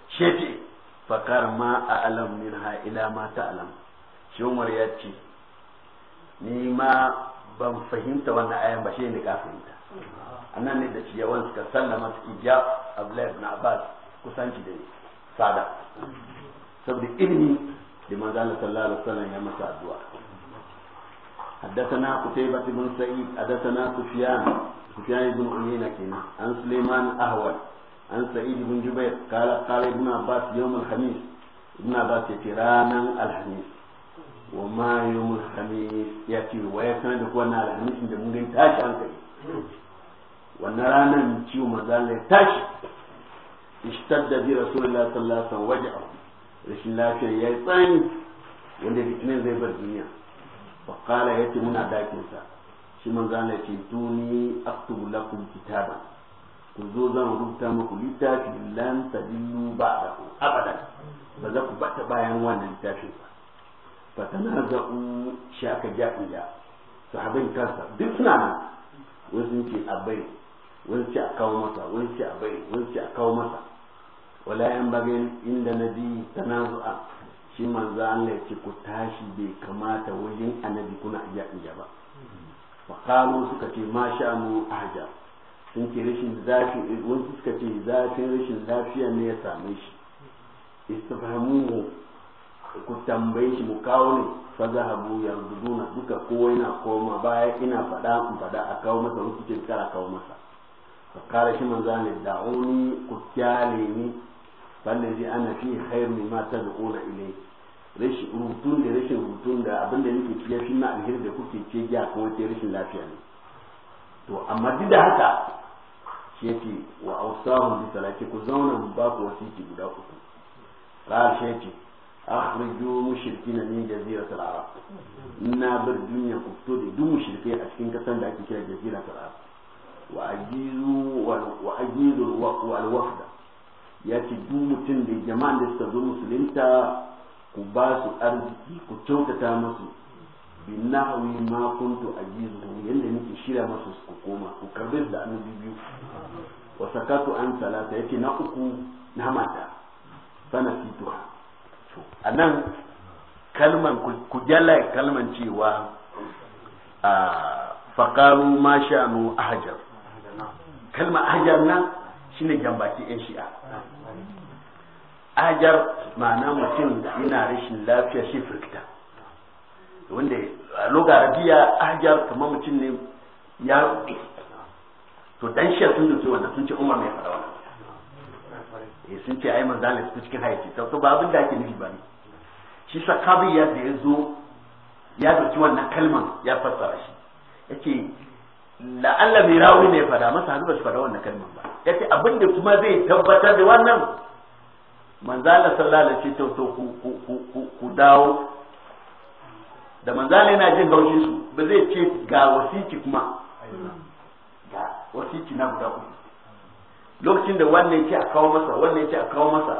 Speaker 1: shefi fakar ma a alam minha ila ma ta alam shi umar ya ce ni ma ban fahimta wannan ayan ba shi ne ka fahimta annan ne da yawan suka sallama suke ja abdullahi na abbas kusanci da sada saboda ilimi da manzo Allah sallallahu alaihi wasallam ya masa addu'a حدثنا قتيبة بن سعيد حدثنا سفيان سفيان بن عيينة عن سليمان أهول an sa'id bin jubair qala qala ibn abbas yawm al-khamis ibn abbas yace ranan al-khamis wa ma yawm al-khamis yace wa ya sanar da wannan al-khamis da mun gani tashi hankali wannan ranan ciwo manzan ya tashi ishtadda bi rasulullahi sallallahu alaihi wasallam waja'ahu rashin lafiya ya tsani wanda fitinin zai bar duniya فقال يتي منا داكنسا شي من ya ce tuni اكتب لكم كتابا ku zo zan rubuta muku littafi lan tadillu ba'dahu abadan ba za ku bata bayan wannan littafin ba fa tanaza'u shaka ja'iya sahabin kansa duk suna nan wasu ce a bai wasu ce a kawo masa wasu ce a bai ce a kawo masa wala yan bagin inda nabi tanazu'a shi manzo Allah ya ce ku tashi bai kamata wajen annabi kuna ajiya ba fa suka ce ma sha'anu ajiya sun rashin zafi wani suka ce zafin rashin lafiya ne ya same shi istifhamuhu ku tambaye shi mu kawo ne fa fazahabu yarduna duka ko yana koma baya ina faɗa ku faɗa a kawo masa wasu ce kara kawo masa fa kare shi manzo ne da'uni ku kyale ni ballazi ana fi khair mimma tad'una ilayhi rashin rubutun da rashin rubutun da abinda da nake ciye shi na alheri da kuke ce ya kuma rashin lafiya ne to amma duk da haka shi yake wa ausahun bi salati ku zauna mu ba ku wasiki guda uku qal shi yake akhriju mushrikina min jazirat al-arab inna bar dunya ku fito da duk mushrikai a cikin kasan da ake kira jazirat al-arab wa ajizu wa ajizu al-wafda yace duk mutum da jama'a da suka zo musulunta ku ba su arziki ku kyautata musu binnahawi ma kuntu ajizu yanda nake shirya masu ku koma ku karbi da annabi biyu wa sakatu an salata yake na uku na mata sana fituha a nan kalman ku jala kalman cewa a faƙaru ma sha'anu ahajar kalma ahajar nan shine jambaki yan shi'a ahajar ma'ana mutum yana rashin lafiya shi firkita wanda a logarabiya ahjar kamar mutum ne ya rufe to dan shi sun dace wanda sun ce umar mai fara wannan eh, sun ce ai manzo Allah su cikin haiti to to ba abin da ake nufi ba ne shi sakabi ya da ya zo ya dauki wannan kalman ya fassara shi yace la'alla mai rawi ne fada masa hannu ba su fada wannan kalman ba yace abin da kuma zai tabbatar da wannan manzo Allah sallallahu alaihi wasallam ce to ku ku ku ku dawo da manzala yana jin gaushin su ba zai ce ga wasiki kuma ga wasiki na guda uku lokacin da wannan ce a kawo masa wannan ce a kawo masa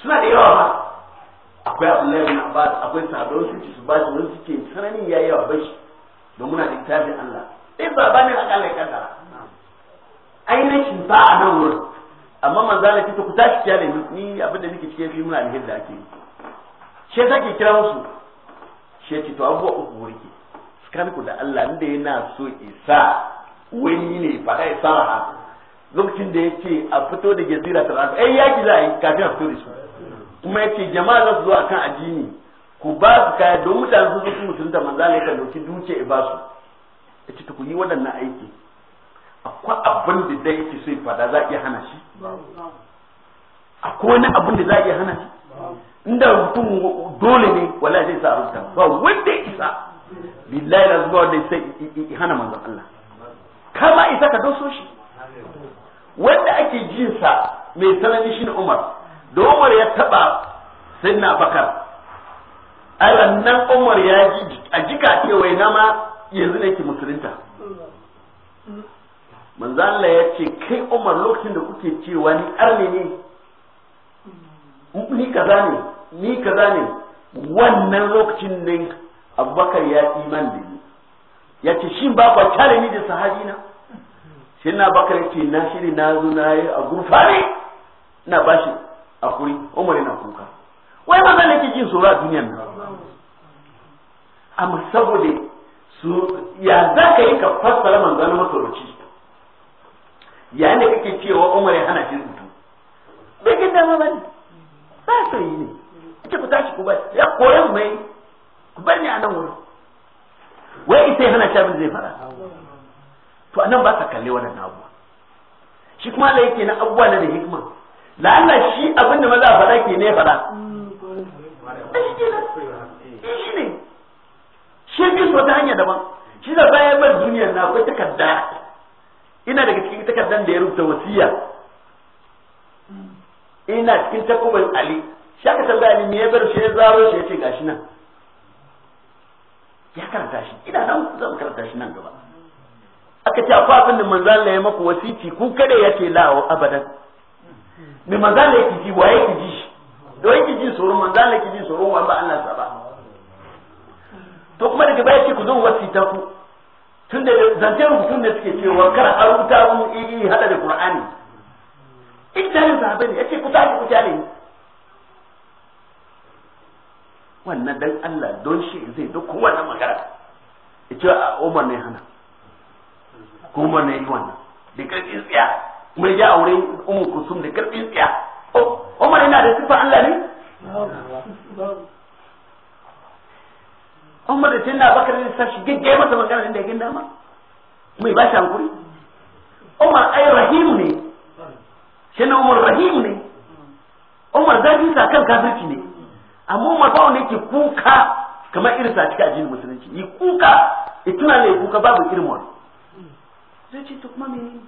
Speaker 1: suna da yawa ba akwai abdullahi bin abbas akwai sahabbai su ci su ba su wani suke sananin yayi yawa ba shi don muna da littafin Allah sai ne aka Allah ya kaddara ainihin ba a nan wurin amma manzo Allah ta ku tashi kiyale ni abin da nake cike fi muna da da ake yi shi yasa ke kira musu shi ce to abubuwa uku sukar ku da Allah inda yana so isa wani ne fada ya haka lokacin da yake a fito da jazira ta rafi ai ya za a yi kafin a fito da su kuma yake jama'a za su zo akan ajini ku ba su kaya don mutane su zuci mutunta manzo Allah ya dauki duke ya ba su yace ku yi waɗannan aiki akwai abin da dai yake so ya fada za a iya hana shi akwai wani abin da za a iya hana shi inda mutum dole ne wallahi zai sa a rubuta ba wanda isa billahi na zuwa da sai hana manzon Allah kama isa ka doso shi wanda ake jin sa mai sanani shi Umar da Umar ya taba sayyidina Bakar ai nan Umar ya ji a jika ce na ma yanzu ne ki musulunta manzon Allah ya ce kai Umar lokacin da kuke cewa ni arne ne ni kaza ne ni kaza ne wannan lokacin ne abubakar ya iman da ni ya ce shi ba kwa tare ni da sahabi na shi na bakar ya ce na shi ne na zo na yi a gurfa ne na ba shi a kuri umar yana kuka wai maza ne ke jin tsoro a duniyan nan amma saboda su ya za ka yi ka fassara manzana masoroci yayin da kake cewa umar ya hana shi rubutu bai gida ma bane ba su yi ne ce ku tashi ku bai ya koya mu mai ku bar ni a nan wurin wai ita hana shabin zai fara to a nan ba sa kalle wannan abubuwa shi kuma Allah yake na abubuwa na da hikima la'alla shi abin da maza fara ke ne fara eh, shi ne shi biyu wata hanya daban shi da bayan bar duniyar na akwai takarda ina daga cikin takardar da ya rubuta wasiya ina cikin takubin ali shi aka tambaya ni me ya bar shi ya zaro shi ya ce gashi nan ya karanta shi ina nan zan karanta shi nan gaba aka ce akwai abin da manzan Allah ya maka wasiti ku kada ya ce abadan me manzan Allah yake ji waye kiji ji shi da yake ji tsoron manzan Allah yake ji tsoron wa ba Allah sa ba to kuma daga baya ce ku zo wasita ku tun da zance rubutun da suke cewa kar a rubuta mu iri eh, eh, hada da Qur'ani idan zabe ne yace ku tashi ku kuta ne wannan dan Allah don shi zai duk wannan magana a ah, Umar ne hana kuma ne yi wannan da karfin tsiya mai ya aure umu kusum da karfin tsiya oh, Umar yana da sifa Allah ne Umar da tinna bakar ne sashi shi gaggaya masa magana inda ya gina ma mai ba shi hankuri Umar ai rahimu ne shi ne umar rahim ne umar zafi sa kan kafirci ne amma umar ba ne ke kuka kamar irin sa cikin addinin musulunci yi kuka ituna ne kuka babu irin wani zai ce to kuma me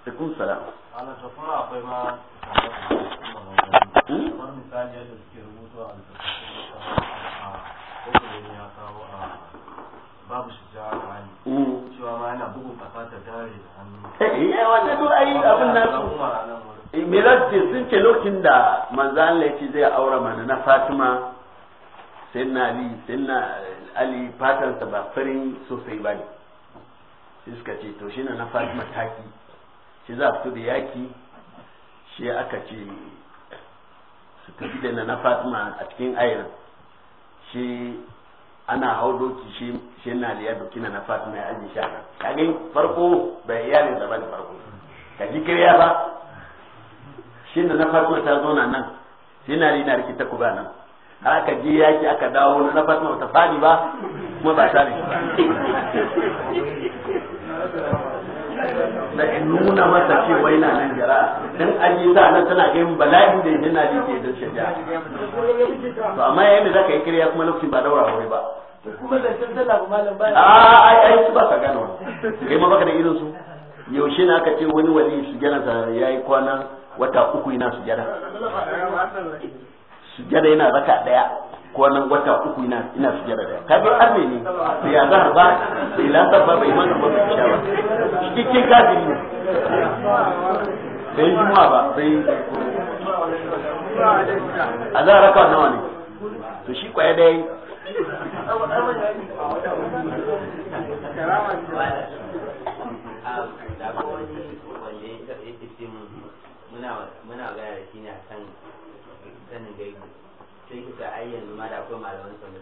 Speaker 1: Alaikum salam.
Speaker 3: Ana to kuma akwai ma kamar misali yadda suke rubutu a littattafan a ya kawo a babu shi jihar cewa ma eh, eh, eh, wannan duk ai abin nan miladdi
Speaker 1: sun ce lokacin da manzo Allah zai aure mana na Fatima sai na Ali sai na Ali fatansa ba farin sosai ba ne sai suka ce to shi na na Fatima taki shi za fito da yaki shi aka ce su tafi da na Fatima a cikin ayran shi ana hau doki shi shi na da ya doki na na fatima ya aji a nan gani farko bai iyalin da bane farko ka ji kiriya ba shi na na fatima ta zo na nan shi na da rike ta kuba nan har aka ji yaki aka dawo na na fatima ta fadi ba kuma ba ta ne
Speaker 2: da in nuna masa cewa na nan jira dan
Speaker 1: aji sa nan tana yin bala'i da yin ji ke da shaja
Speaker 4: to amma yayin da zaka
Speaker 1: yi kiriya kuma lokacin ba daura aure ba
Speaker 2: kuma da san
Speaker 4: sallah malam ba a ai ai su ba ka
Speaker 1: gano kai ma baka da irin su yaushe na aka ce wani wali sujjana ta yayi kwana wata uku yana su sujjana yana zaka daya ko nan wata uku ina ina sujjada da ka ga arme ne sai ya zahar ba sai la ba bai mana ba su shawa shi ke kafiri ne bai juma ba bai
Speaker 2: a zahar ka nawa ne
Speaker 1: to shi kwaya dai
Speaker 3: muna muna gaya sai kuka ai yanzu ma malaman da hana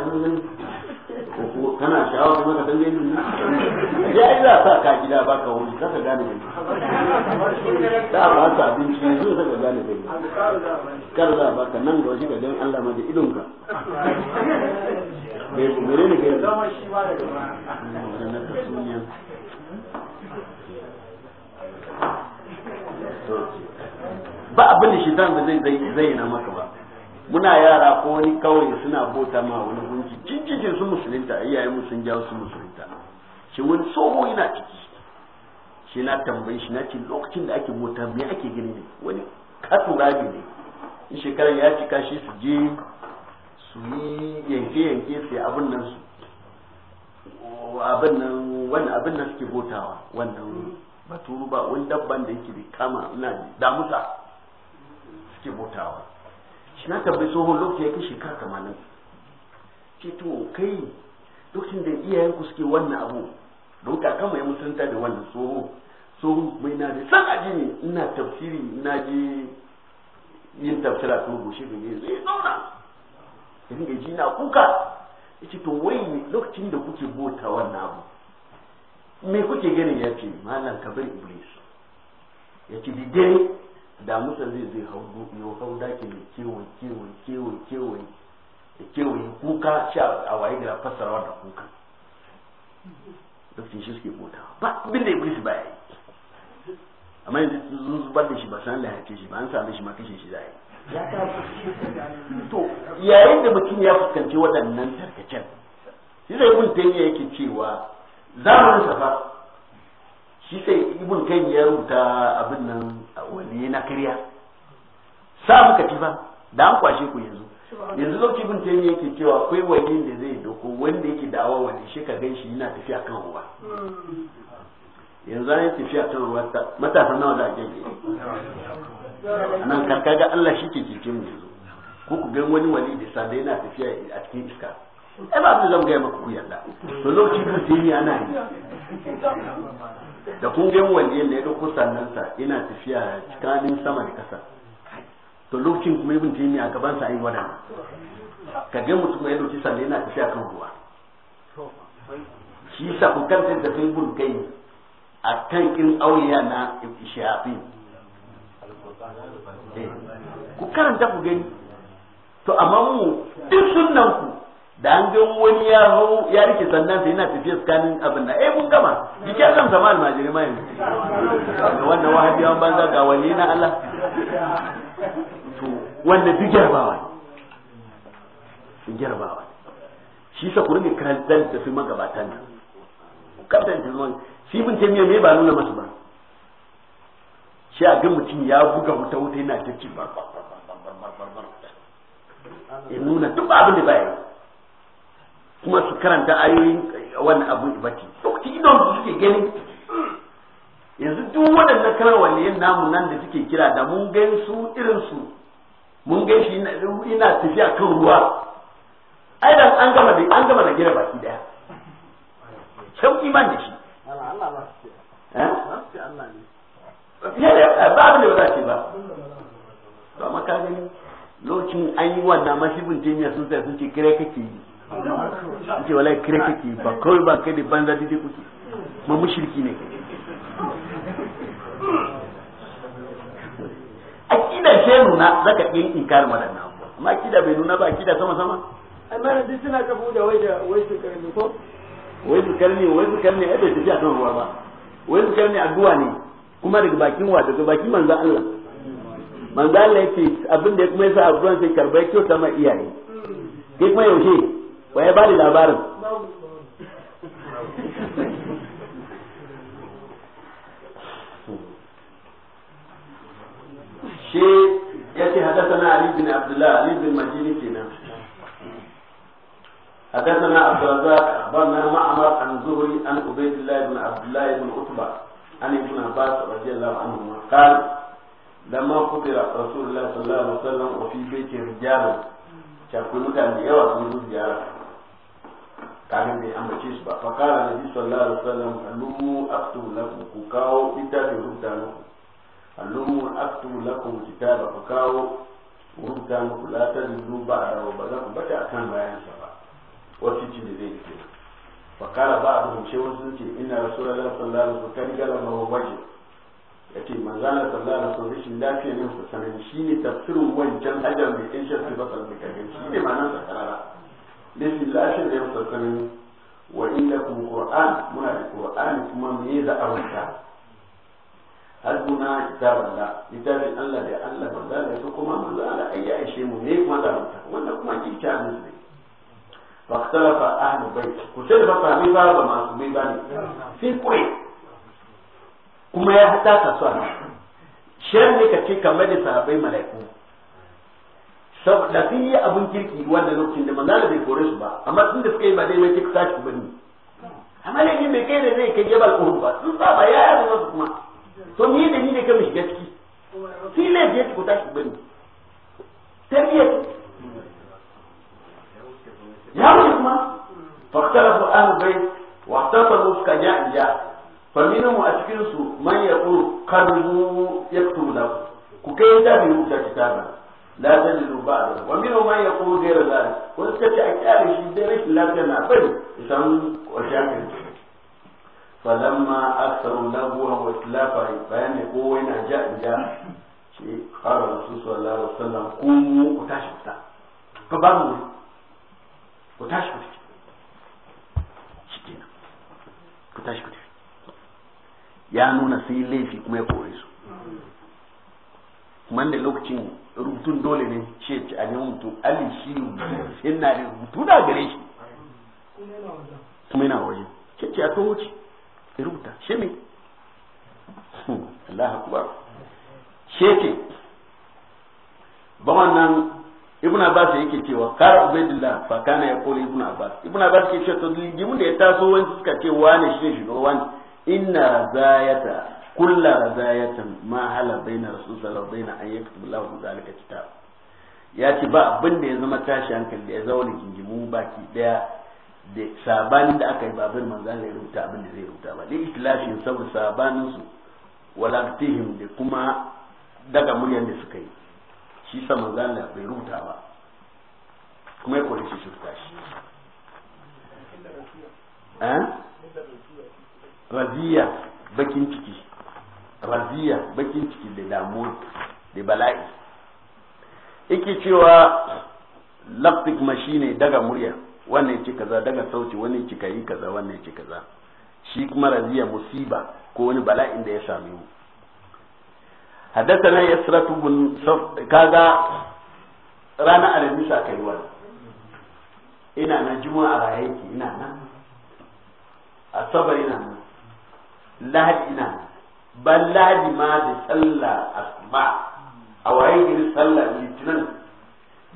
Speaker 1: su ma da kana sha'awa kuma ka dangaye ni ya za sa ka gida ba ka wuri ka gane ni da ba sa abinci yanzu za ka gane ni kar za ba ka nan ga shi ka dan Allah ma da idon ka
Speaker 2: ne shi ma hmm, da gaba
Speaker 1: ba abin da shaitan da zai zai zaina maka ba muna yara ko wani kawai suna bota ma wani gunki cikin su musulunta iyaye mu sun jawo su musulunta shi wani tsoho yana ciki shi na tambayi shi na ce lokacin da ake bota me ake gani ne wani katura ne ne in shekarar ya cika shi su je su yi yanke-yanke su abin nan su abin nan wannan abin nan suke botawa wannan baturu ba wani dabban da yake da kama na damusa suke botawa shi na tabbai tsohon lokaci ya kai shekara kamanin ce to kai lokacin da iyayenku suke wannan abu don kama ya musanta da wannan tsoho tsoho mai na da san aji ne ina tafsiri ina je yin tafsira to goshe da yanzu ya zauna ya dinga ji na kuka ya ce to wai lokacin da kuke bota wannan abu me kuke ganin ya ce malam kabir iblis ya ce di dare da musa zai zai hau yau hau daki mai kewaye kewaye kewaye kewaye da kewaye kuka sha a waye da fassarawa da kuka lokacin shi suke bota ba abin da iblis ba ya yi amma yanzu sun zubar da shi ba san lahace shi ba an same shi ma kashe shi za to yayin da mutum ya fuskanci waɗannan tarkacen shi zai gunta yake cewa zamanin sa fa shi sai ibn kai ya rubuta abin nan wani na kariya sa muka tifa da an kwashe ku yanzu yanzu zauki ibn tayyib yake cewa akwai wani da zai doko wanda yake dawo wani shi ka gan shi yana tafiya kan ruwa yanzu an yi tafiya kan ruwa matasa nawa da ake nan karkaga Allah shi ke cikin yanzu ko ku gan wani wali da sanda yana tafiya a cikin iska ai ba su zan gaya maka ku yarda to lokaci da sai ni ana yi da kun ga wani ne ya dauko sannan sa ina tafiya cikin sama da kasa to lokacin kuma ibn jini a gaban sa ayi wadan ka ga mutum ya dauki sannan yana tafiya kan ruwa shi sa ku kanta da kai gun kai a kan in auya na shafi eh, ku karanta ku gani to amma mu duk sunanku. ku da an gan wani ya hau ya rike sandan sai yana tafiya tsakanin abin da eh mun gama jikin zan sama almajiri ma yanzu ga wannan an banza ga wani na Allah to wanda duk yarbawa yarbawa shi sa ku kan da su magabatan nan kaftan tilman shi bin ce me ba nuna masu ba shi a ga mutum ya buga wuta wuta yana tafiya ba ba ba ba ya nuna duk abin da ba ba kuma su karanta ayoyin wannan abu ibati duk idon su suke gani yanzu duk waɗannan karawaliyan namu nan da suke kira da mun gan su irin su mun gan shi ina tafiya kan ruwa ai da an gama da an gama da gida baki daya shan iman da shi eh? eh, ba abin da ba za ce ba ba maka gani lokacin an yi wannan masibin jami'a sun sai sun ce kire kake yi ce walai kire kake ba kawai ba kai da banza dide kuke ma mushriki ne akida sai nuna zaka yi inkar wadannan abubuwa amma akida bai nuna ba akida sama sama
Speaker 4: amma na duk suna kafu da wai da wai su karni ko
Speaker 1: wai su karni wai su karni ai bai tafi a ruwa ba wai su karni addu'a ne kuma daga bakin wa daga bakin manzo Allah manzo Allah yake abin da ya kuma yasa addu'a sai karbai kyauta ma iyaye kai kuma yaushe wa ya bada labarin shi ya ce hadasana Ali bin Abdullah Ali bin Majini kenan حدثنا عبد الرزاق اخبرنا معمر عن زهري عن عبيد الله بن عبد الله بن عتبه عن ابن عباس رضي الله عنهما قال لما قتل رسول الله صلى الله عليه وسلم وفي بيته رجال شاكلوا كان يوم يزور زياره kamin bai ambace su ba fakara na bi sallallahu alaihi wasallam allumu aktubu lakum ku kawo littafin rubuta muku allumu aktubu lakum kitaba ku kawo rubuta muku la tadillu a rawa ba za ku bata a kan bayan sa ba wasu ci da zai ce fakara ba abu ce wasu ce ina rasulullahi sallallahu alaihi wasallam kan gala ya ce manzana sallallahu alaihi wasallam rashin lafiya ne ku shi ne tafsirin wancan hajar mai insha Allah sallallahu alaihi wasallam ne ma'anar sa karara lafi lashin da ya fasarin wa inda kun qur'an muna da qur'an kuma me za a rubuta hasbuna kitaballah littafin Allah da Allah banza da su kuma manzo Allah ai ya ishe mu me kuma da a rubuta wannan kuma kikkiya musu ne fa ikhtalafa ahlul bait ku sai ba fa mi ba ba masu bai bani. ne sai kure kuma ya hada ka su a shan ne ka ce kamar da sahabbai mala'iku saboda sun yi abin kirki wannan lokacin da manzala bai kore su ba amma sun da suka yi ba dai mai kika ba ne amma ne mai kai da zai kai jabal uhud ba sun saba ya yi wasu kuma to ni da ni da kan shiga ciki sai ne je ku tashi ne tarbiyyar ya wuce kuma su an bai wa tasalu suka ja ja faminum a cikin su man yaqulu kadu yaktubu lahu ku kai da bi rubuta kitaban la tajidu ba'da wa min man yaqulu ghayra zalik wani suka ce a kyale shi sai rashin lafiya na bari ya samu ƙarshen kai فلما أكثر اللغو والخلاف بيان يقول وين جاء جاء شيء قال الرسول صلى الله عليه وسلم قوموا وتشفتا فبروا وتشفتا شكينا وتشفتا ya nuna sai laifi kuma ya kore su kuma da lokacin rubutun dole ne ce ci a nemi mutum alin shi yana da rubutu da gare shi kuma yana waje ce a kan wuce ya rubuta shi ne Allah ba shi yake ba wannan ibnu abbas yake cewa kara ubaidillah fa kana ya kore ibnu abbas ibnu abbas ke cewa to ligimin da ya taso wani suka ce wani shi ne shugaba wani inna zayata kulla razayatan ma hala baina rasul sallallahu alaihi wasallam an yaktubu lahu zalika kitab ya ce ba abin da ya zama tashi hankali da ya zama da kingimu baki daya da sabanin da aka yi babin manzan da ya rubuta abin da zai rubuta ba da ikhtilafin saboda sabanin su walaktihim da kuma daga muryan da suka yi shi sa manzan da bai rubuta ba kuma ya kore shi shi rubuta shi raziya bakin ciki raziya bakin ciki da damu da bala'i yake cewa laftik mashi ne daga murya wannan ce kaza daga sauti wani ce kayi kaza wannan ce kaza shi kuma raziya musiba ko wani bala'in da ya same mu haddathana yasratu bin kaga rana alamisa kai wa ina na juma'a raye ina nan asabar ina nan lahadi ina nan balladi ma da sallah asuba a waye gari sallah litinin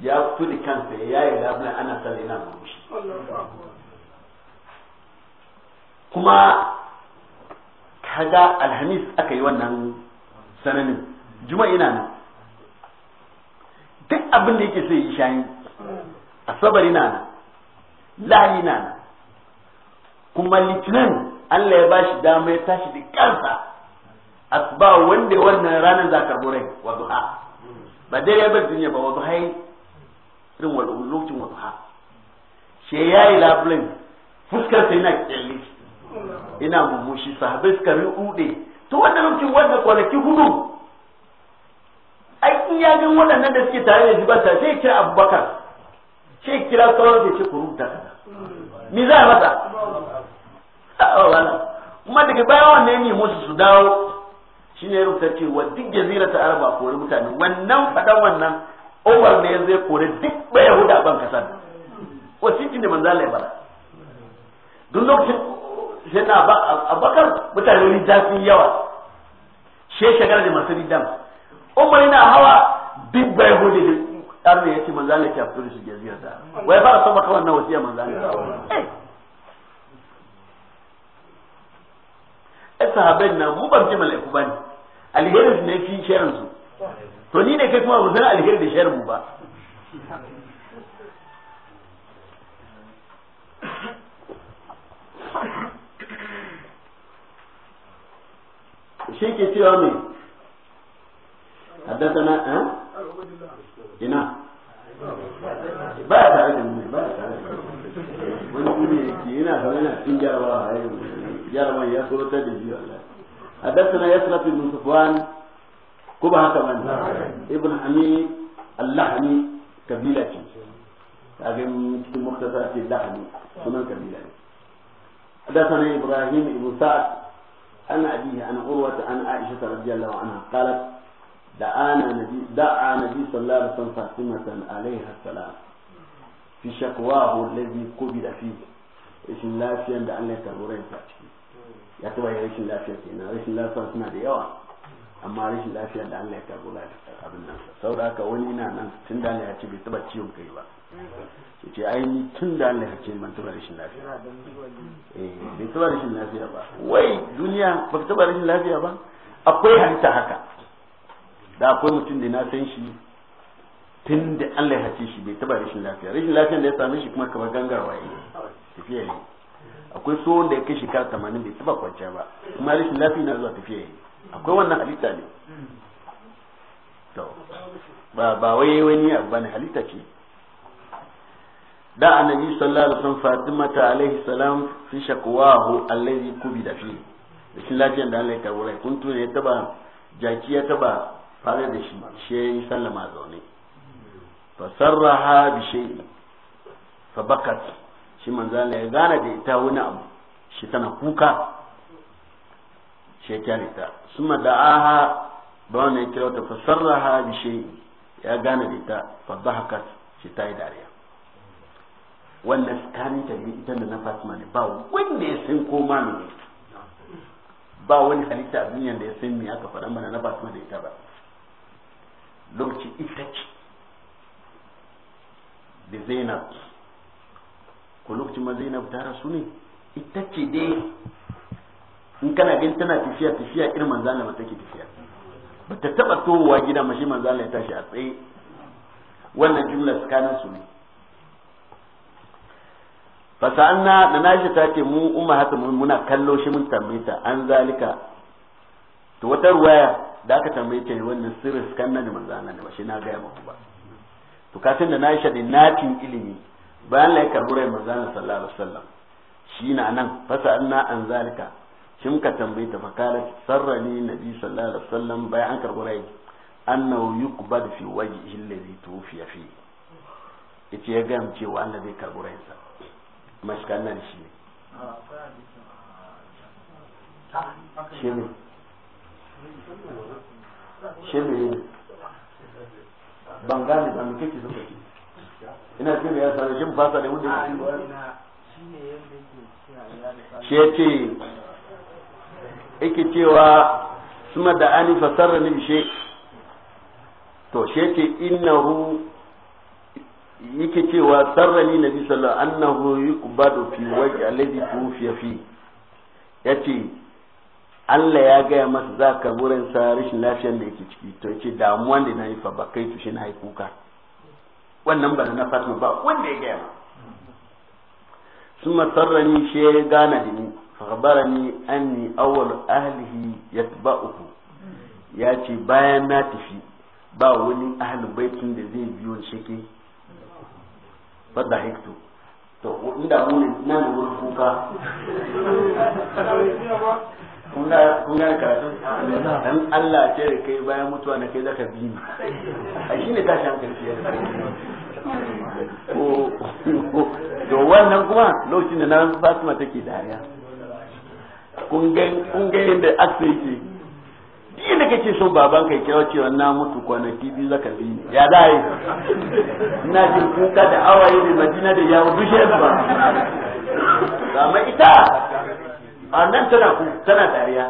Speaker 1: ya fito da kansa ya yi labuna ana sallah yana murmushi kuma kaga alhamis aka yi wannan sananin juma'a yana nan duk abin da yake sai yi shayin asabar na, nan na nan kuma litinin Allah ya ba shi dama ya tashi da kansa asba wanda wannan ranar za ka rai wa duha ba dai ya bar duniya ba wa duha irin wa lokacin wa duha she yayi labulin fuskar sai na kyalli ina mumushi sahabbai suka ude to wannan lokacin wanda kwanaki hudu ai in ya gan waɗannan da suke tare da shi ba ta sai kira abubakar sai kira sauran da ce ku rubuta kaza me za a masa kuma daga baya wannan ne musu su dawo shine rubuta cewa duk jazira ta araba kore mutane wannan fadan wannan Umar ne zai kore duk ba Yahuda ban kasar wasiti ne manzo Allah ya bara duk lokacin sai na abakar mutane wani sun yawa she shagara da masu ridam Umar yana hawa duk ba Yahuda ne Arne ya ce manzo Allah ya fito su jazira ta wai fara so maka wannan wasiya manzo Allah eh. eh, sahabai na mu ban ji mala'iku ne. alherin su ne fi sharin su to ni ne kai kuma ba san alheri da sharin mu ba shi ke cewa mai
Speaker 2: حدثنا eh? ina ba
Speaker 3: baya tare da mu baya tare da mu wani kuma ne
Speaker 1: ke yana tare da cikin jarabawa a yau jarabawa ya tsoratar da biyu Allah حدثنا يسرى بن صفوان كوبا هكذا ابن حميد اللحمي كبيلة لكن في مختصر في اللحمي سنن كبيلة حدثنا إبراهيم بن سعد عن أبيه عن عروة عن عائشة رضي الله عنها قالت دعانا نبي دعا النبي صلى الله عليه وسلم فاطمة عليها السلام في شكواه الذي قبل فيه إيش لا شيء أن لا تغرين فاتك ya taba yin rashin lafiya kenan rashin lafiya suna da yawa amma rashin lafiya da Allah ya tabula abin nan saboda haka wani na nan tun da Allah ya ce bai taba ciwon kai ba ya ce ai ni tun da Allah ya ce man taba rashin lafiya eh bai taba rashin lafiya ba wai duniya ba taba rashin lafiya ba akwai hanta haka da akwai mutum da na san shi tun da Allah ya ce shi bai taba rashin lafiya rashin lafiyan da ya same shi kuma kamar gangarwa ya tafiya ne akwai so wanda ya kai shekara tamanin bai taba kwanciya ba kuma rashin lafiya na zuwa tafiya yi akwai wannan halitta ne to ba ba wai wani abu bane halitta ce da annabi sallallahu alaihi wasallam fatima ta alaihi salam fi shakwahu allazi kubida fi rashin lafiyan da Allah ya karbo rai kun tuna ya taba jaki ya taba fara da shi shi sallama zaune fasarraha bi shay'in fabakat shi Allah ya gane da ita wani abu shi tana kuka shi ta suma da aha ba wani ya kira ta fasarraha bi shi ya gane da ita fadda shi ta yi dariya Wanda tsakanin ta ne ita da na fatima ne ba wanda ya san ko ma ne ba wani halitta a duniya da ya san me aka faɗa mana na fatima da ita ba lokaci ita ce da zainab ko lokacin ma zainab ta rasu ne ita ce dai in kana gan tana tafiya tafiya irin manzala ba take tafiya ba ta taba towa gida mashi manzala ya tashi a tsaye wannan jumla tsakanin su ne fasa'anna na nashi ta ce mu umma hata muna kallo shi mun tambaye ta an zalika to wata ruwaya da aka tambaye ta wannan sirri skanna da manzala ne ba shi na gaya muku ba to kafin da na shi da natin ilimi bayan la ya karbi rai manzo sallallahu alaihi wasallam shi na nan fasa anna an zalika shi ka tambaye ta fakara sarrani nabi sallallahu alaihi wasallam bayan an karbi rai annahu yuqbad fi wajhi alladhi tufiya fi yace ya ga cewa Allah zai karbi rai sa mashkan nan shi ne
Speaker 2: shi ne shi ne ban gane ba mu
Speaker 3: kike zuwa
Speaker 1: ina ce da ya sami shin fasa da wanda yake shi ya ce yake cewa suma da ani fasarra ni bishe to shi ina hu yake cewa sarrani nabi sallallahu annahu yuqbadu fi wajhi alladhi tufiya fi ce Allah ya gaya masa za ka wurin sa rashin lafiyar da yake ciki to yace damuwan da na yi fa ba kai to na yi kuka wannan bana na Fatima ba wanda ya gaya ma summa sarrani shi ya gana da ni fakhbarani an ni awal ahalihi ya ba uku, ya ce bayan na tafi ba wani ahalin baitin da zai biyo shike fadda hektu. to inda mu ne nan da wani kuka kun gane karatu dan Allah ce kai bayan mutuwa na kai zaka bi ni a shine tashi hankali to wannan kuma lokacin da na fatima take dariya kun ga yadda aka yake duk da kake son baban kai kira cewa na mutu kwanaki biyu zaka bi ni ya dai ina jin kuka da awaye ne madina da yawo dushe ba amma ita a nan tana tana dariya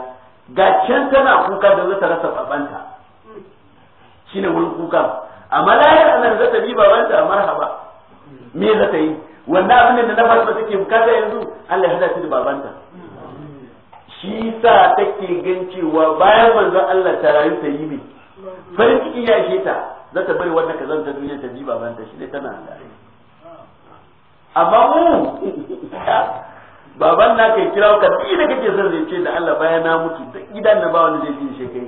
Speaker 1: ga can tana kuka da zata rasa babanta shine wurin kuka amma lahira nan za ta bi babanta marhaba me za ta yi wannan abin da na su take bukata yanzu Allah ya hada ta da babanta shi sa take gan cewa bayan manzon Allah ta rayu ta yi me farin ciki ya ishe ta za ta bari wannan kazan ta duniya ta bi babanta shi ne tana da amma mu baban na kai kira ka da kake son zai ce da Allah bayan na mutu da idan na ba wani zai ji shi kai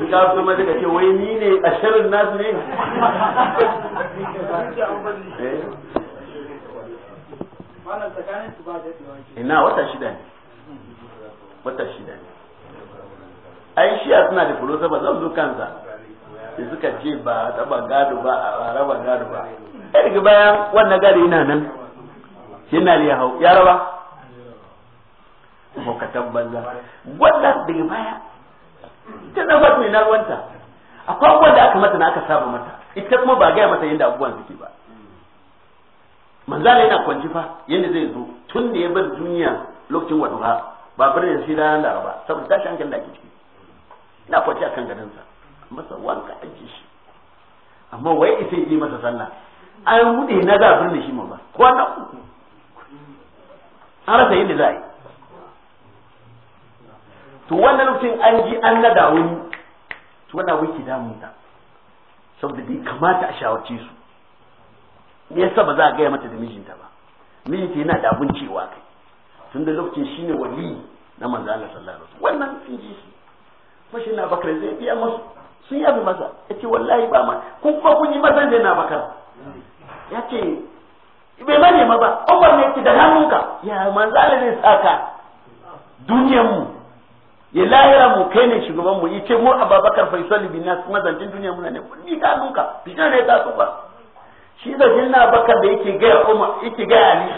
Speaker 1: in ka so maza ka ce wai ni ne a sharin nasu ne
Speaker 4: eh. ina wata shida ne
Speaker 1: wata shida ne ai shiya suna da furusa ba zan zo kansa da suka ce ba taba gado ba a raba gado ba ya daga bayan wannan gado ina nan shi na ya hau ya raba maukatan banza wannan daga baya ita da ba ne na ruwanta akwai abubuwan da aka mata na aka saba mata ita kuma ba gaya mata yadda abubuwan suke ba manzala yana kwanci fa yadda zai zo tun da ya bar duniya lokacin wadda ba birnin shi ranar laraba saboda tashi hankali da ake ciki ina kwanci a kan gadonsa masa wanka ajiye shi amma wai isa yi masa sallah an buɗe na za a birnin shi ma ba kwana uku an rasa yadda za a yi to wannan lokacin an ji an nada wani to wannan wiki damu ta saboda bai kamata a shawarci su me yasa ba za a gaya mata da mijinta ba mijinta yana da abun cewa kai tun da lokacin shine wali na manzo Allah sallallahu alaihi wasallam wannan sun ji shi kuma shi na bakar zai biya musu sun yabi masa yace wallahi ba ma kun kuma kun yi masa zai na bakar yace bai ma nema ba ofar ne ki da hannunka ya manzo Allah zai saka duniyar mu ya lahira mu kai ne shugaban mu yace mu Abubakar Faisal bin Nas kuma zancin duniya muna ne ni ka nunka bija ne ta tsufa shi da jinna Bakar da yake ga Umar yake ga Ali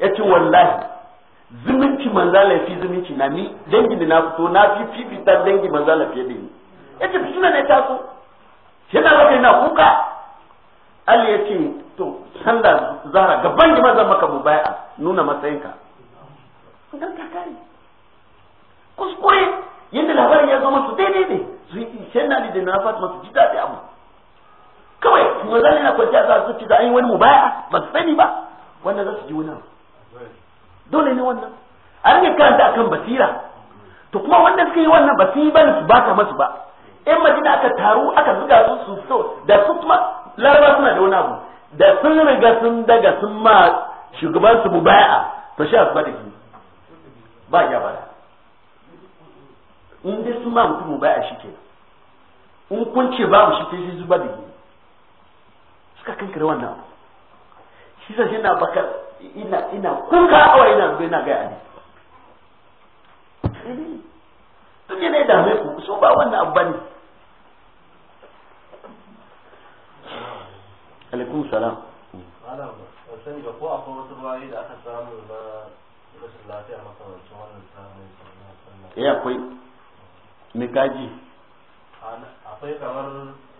Speaker 1: yace wallahi zumunci manzala fi zumunci na ni dangi da na fito na fi fifita dangi manzala fiye da ni yace fitina ne ta so yana baka na kuka Ali ya to sanda zara gaban jama'a mazan maka mubaya nuna matsayinka. Ganka kare. kuskure yadda labarin ya zo masu daidai ne su yi sai na da na fata su ji daɗi abu kawai zan na kwanciya sa su ci da an yi wani mubaya ba su sani ba wanda za su ji wani abu dole ne wannan a rage karanta akan basira to kuma wanda suka yi wannan ba su yi bane su baka masu ba in majina aka taru aka zuga su su so da su kuma laraba suna da wani abu da sun riga sun daga sun ma shugaban su mubaya'a to shi a su ba da ba ya bada in dai su ba mutum baya shi ke in kun ce babu shi sai zuba da gini suka kankare wannan abu shi sa shi baka ina ina kun ka awa ina zuwa ina gaya ne tun yana ya dame ku so ba wannan abu bane alaikum salam
Speaker 3: aka samu ya eh, akwai nikaji akwai kamar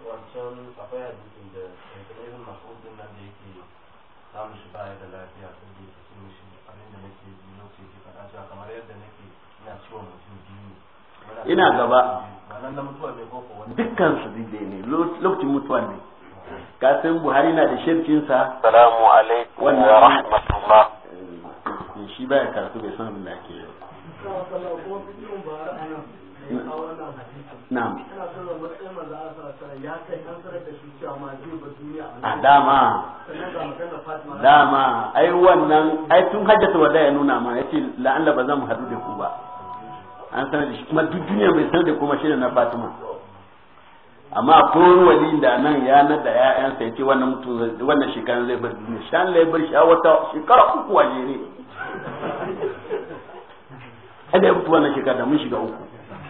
Speaker 3: wancan akwai hadisin da yake shi baya da ina gaba
Speaker 1: dukkan su dide ne lokacin mutuwa ne san buhari na da sa salamu alaikum wa rahmatullah eh, shi baya karatu bai san abin da ake yi na'am a dama dama ai wannan ai tun hajjata wada ya nuna ma yace la'alla ba za hadu da ku ba an sanar da shi kuma duk bai sanar da kuma shi da na Fatima amma akwai wani da nan ya nada ƴaƴansa yace wannan mutum wannan shekaran zai bar duniya shan lai shi a wata shekara uku waje jere kada ya mutu wannan shekara da mun shiga uku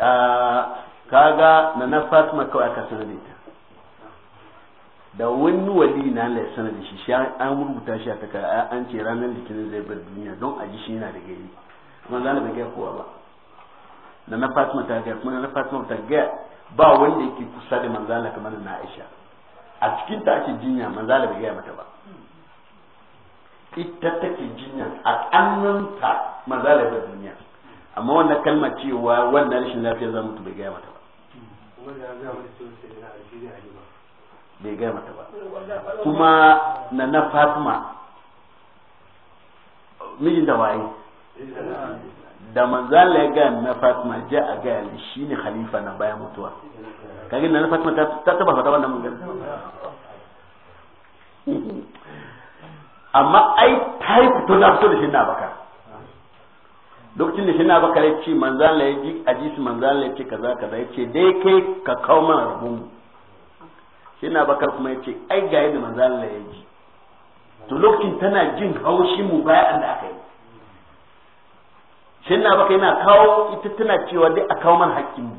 Speaker 1: Ah, kaga na na fatima kawai aka sanar da ita da wani wali na Allah ya sanar da shi shi an rubuta shi a taka an ce ranar litinin zai bar duniya don a ji shi yana da gari kuma zan ba ga kowa ba na na fatima ta ga kuma na fatima ta ga ba wanda yake kusa da manzala kamar na Aisha a cikin ta ake jinya manzala Allah bai ga mata ba ita take jinya a kannanta manzala Allah bar duniya amma wannan kalma cewa wannan rashin lafiya za mutu bai gaya mata ba bai gaya mata ba kuma na na fatima mijin da waye da manzala ya gaya na fatima ja a gaya shi ne khalifa na bayan mutuwa kage na na fatima ta taba fata wannan mun amma ai ta yi fito na fito da shi na baka lokacin da shi na bakar ya ce manzan la ya ji su manzan la ya ce kaza kaza ya ce dai kai ka kawo mana rabon shi na bakar kuma ya ce ai ga yadda manzan la ya ji to lokacin tana jin haushi mu bayan da aka yi shi na bakar yana kawo ita tana cewa dai a kawo mana hakkin mu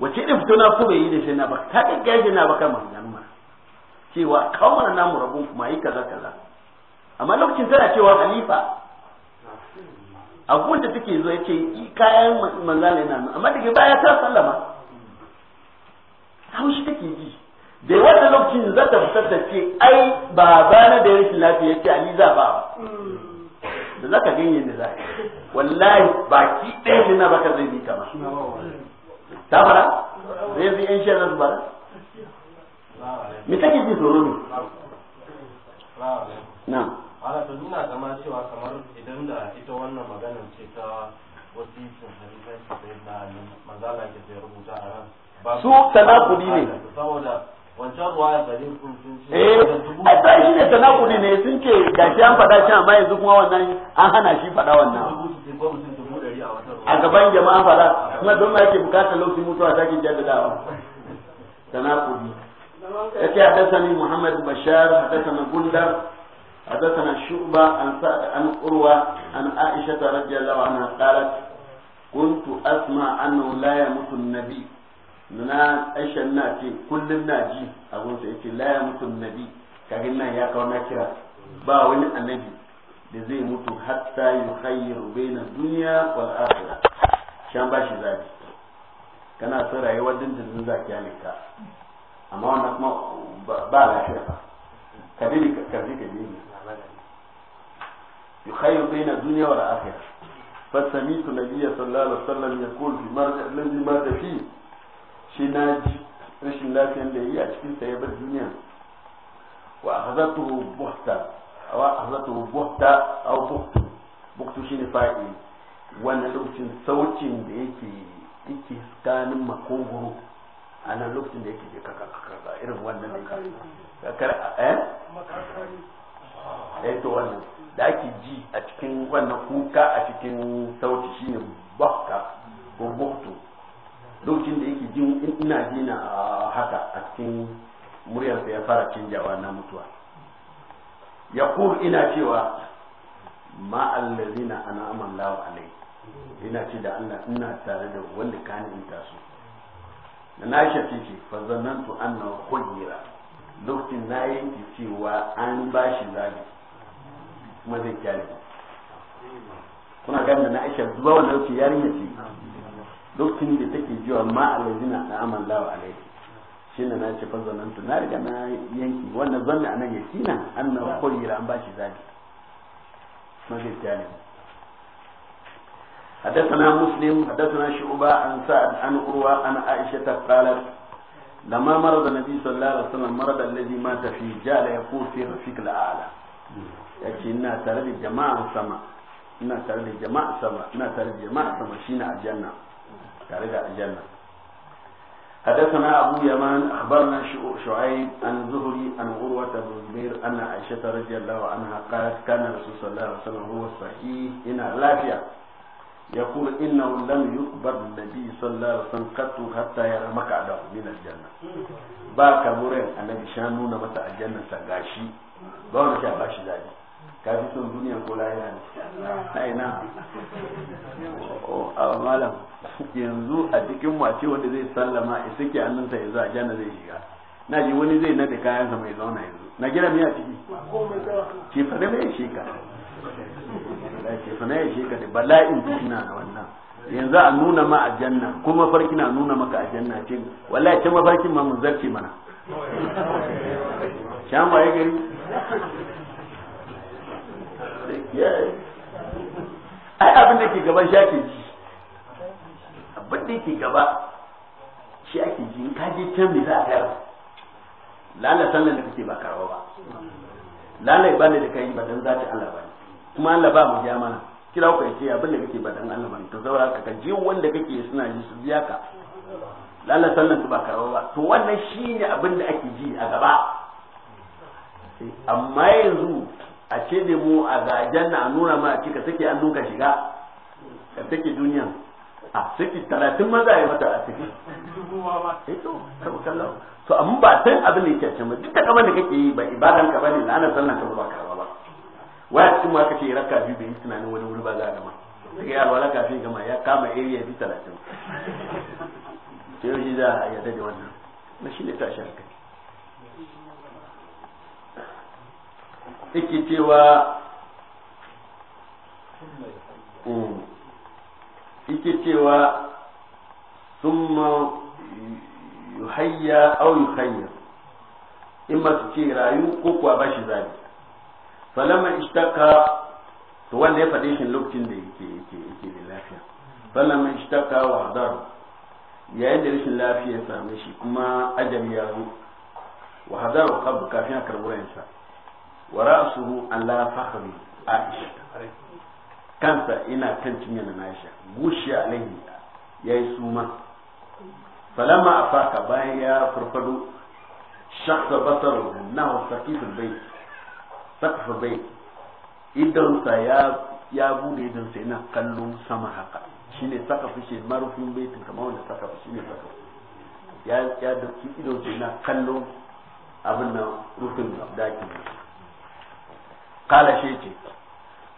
Speaker 1: wace irin fito na kuma yi da shi na bakar ta gaye da na bakar manzan ma cewa kawo mana namu rabon kuma yi kaza kaza amma lokacin tana cewa halifa abun da take zo yace kayan manzala yana nan amma daga baya ta sallama shi take ji da wata lokacin za ta fitar da ce ai ba na da rashin lafiya yace ali za ba da zaka ganye da za wallahi ki ɗaya ne na baka zai bi kama ta fara zai bi yan shirin su bara mi take ji tsoro ne
Speaker 3: na ana ta nuna zama cewa kamar idan da ita wannan maganar ce ta halittar
Speaker 1: su a ran su ne
Speaker 3: saboda wancan ruwa da zai kuntun
Speaker 1: ce eh, ne tanakudi gashi an faɗa shi amma yanzu kuma wannan an hana shi faɗa wannan
Speaker 3: a gaban jama'a faɗa kuma don ma yake bukatar lokacin mutuwa take jaddadawa
Speaker 1: tanakudi yake haddasa ni Muhammad Bashar haddasa na Gundar حدثنا شعبة عن سعد عن عروة عن عائشة رضي الله عنها قالت كنت أسمع أنه لا يموت النبي na aisha na ce kullum na ji abun sa yace la yamutu nabi kagin nan ya kawo na kira ba wani annabi da zai mutu hatta yukhayyiru baina dunya wal akhirah shan ba shi zabi kana son rayuwar dindindin zaki ya ka amma wannan kuma ba lafiya ba ka dai ka yukhayyu baina dunya wal akhirah fasamitu nabiyya sallallahu alaihi wasallam yaqul fi marja alladhi mata fi shi naji rashin lafiyan da yi a cikin sa ya bar duniya wa akhadhatuhu buhta wa akhadhatuhu buhta aw buhtu buhtu shine fa'i wannan lokacin saucin da yake yake tsakanin makogoro a nan lokacin da yake je kaka kaka irin wannan ne ka kar eh eh to wannan da ake ji a cikin wannan kuka a cikin sauti shine bakka ko buktu lokacin da yake jin ina jina haka a cikin muryarsa ya fara canjawa na mutuwa yaqul ina cewa ma allazina ana lawa alai ina ce da Allah ina tare da wanda ka ni ta su na na shi ce fa zanantu annahu khuyira lokacin na yanke cewa an bashi zabi kuma zai kyale kuna gane na aisha zuwa wanda yake yarinya ce lokacin da take jiwa ma alwajina na amalla wa alaihi shine na ce fazanantu na riga na yanki wannan zanna anan yakina annahu khulira an bashi zabi ma zai kyale حدثنا مسلم حدثنا شعبة عن سعد عن أروى عن عائشة قالت لما مرض النبي صلى الله عليه وسلم مرض الذي مات فيه جعل يقول في رفيق الأعلى ya ina tare da jama'a sama ina tare da jama'a sama ina tare da jama'a sama shine aljanna tare da aljanna حدثنا أبو يمان أخبرنا شعيب عن زهري عن عروة بن زبير أن عائشة رضي الله عنها قالت كان الرسول صلى الله عليه وسلم هو الصحيح إن لافية يقول إنه لم يقبل النبي صلى الله عليه وسلم قط حتى يرى مقعده من الجنة باك مرين النبي شان متى الجنة سقاشي ذلك ka fi son duniya ko lahira ne na ina a malam yanzu a cikin mace wanda zai sallama ya sake hannunsa yanzu a jana zai shiga na ji wani zai nade kayansa mai zauna yanzu na gina miya ciki ke fane mai sheka ke mai ya sheka da bala'in fitina na wannan yanzu a nuna ma a janna kuma farki na nuna maka a janna ce wallahi ce mafarkin ma mun zarce mana
Speaker 2: ba ya gari
Speaker 1: ai abin da ke gaban shi ake ji abin da ke gaba shi ake ji in ka je can me za a kai lalla sallan da kake ba karawa ba ba ne da kai ba dan za ta Allah ba kuma Allah ba mu jama mana kira ku ce abin da kake ba dan Allah ba to saboda ka ji wanda kake suna ji su biya ka lalla sallan ba karawa ba to wannan shine abin da ake ji a gaba amma yanzu a ce da mu a gajen na nuna ma a ce ka sake an nuka shiga ka sake duniya a sake talatin maza ya mata a sake eto eh kama kallon to amma ba san abin da yake cewa duk da kamar da kake yi ba ibadan ka bane lana sallan ka ba karba ba waya cikin ma kace raka biyu bai tunanin wani wuri ba za a gama sai ya alwala kafin gama ya kama area bi talatin sai shi za a yarda da wannan na shi ne tashi hankali take cewa yake hmm. cewa summa yuhayya aw yuhayya in ma su ce rayu ko kuwa ba shi zabi falama ishtaka to wanda ya faɗe shi lokacin da yake yake yake da lafiya falama ishtaka wa hadaru yayin da rashin lafiya ya same shi kuma ajali ya zo wa hadaru kafin a karɓi rayansa wa ra'suhu ala fakhri aisha kansa ina kan cinye na aisha gushi alaihi yayi suma falamma afaka bayan ya farfado shakka basar nahu sakifin bai sakfa bai idansa ya ya bude idansa yana kallon sama haka shine sakafi shi marufin baitin kamar wanda sakafi shine sakafi ya ya dauki idonsa yana kallon abin nan rufin dakin Kalashe ce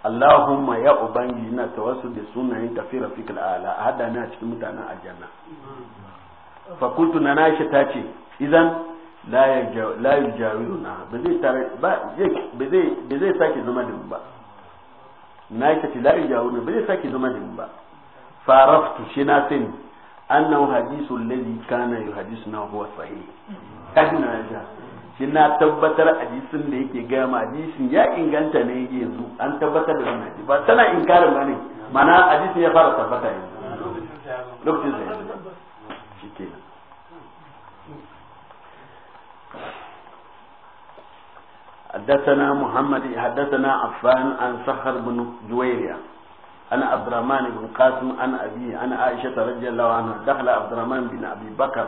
Speaker 1: Allahumma ya ubangi na tawassul da sunayen tafi rafiqul ala hada a cikin mutanen aljanna fa kuntu na nashi ta ce idan la yajawiruna ba zai sake zama da mu ba na ita ce la yajawiruna ba zai sake zama da mu ba faraftu shi na sani annahu hadithul ladhi kana yuhadithuna huwa sahih kadina ya shi na tabbatar hadisin da yake gaya ma hadisin ya inganta ne yanzu an tabbatar da wannan hadisi ba tana inkarin ba ne mana hadisin ya fara tabbata yanzu
Speaker 4: lokacin sa yanzu
Speaker 1: shi ke حدثنا محمد حدثنا عفان عن سخر بن جويريا أنا عبد الرحمن بن قاسم عن أبي أنا عائشة رضي الله عنها دخل عبد الرحمن بن أبي بكر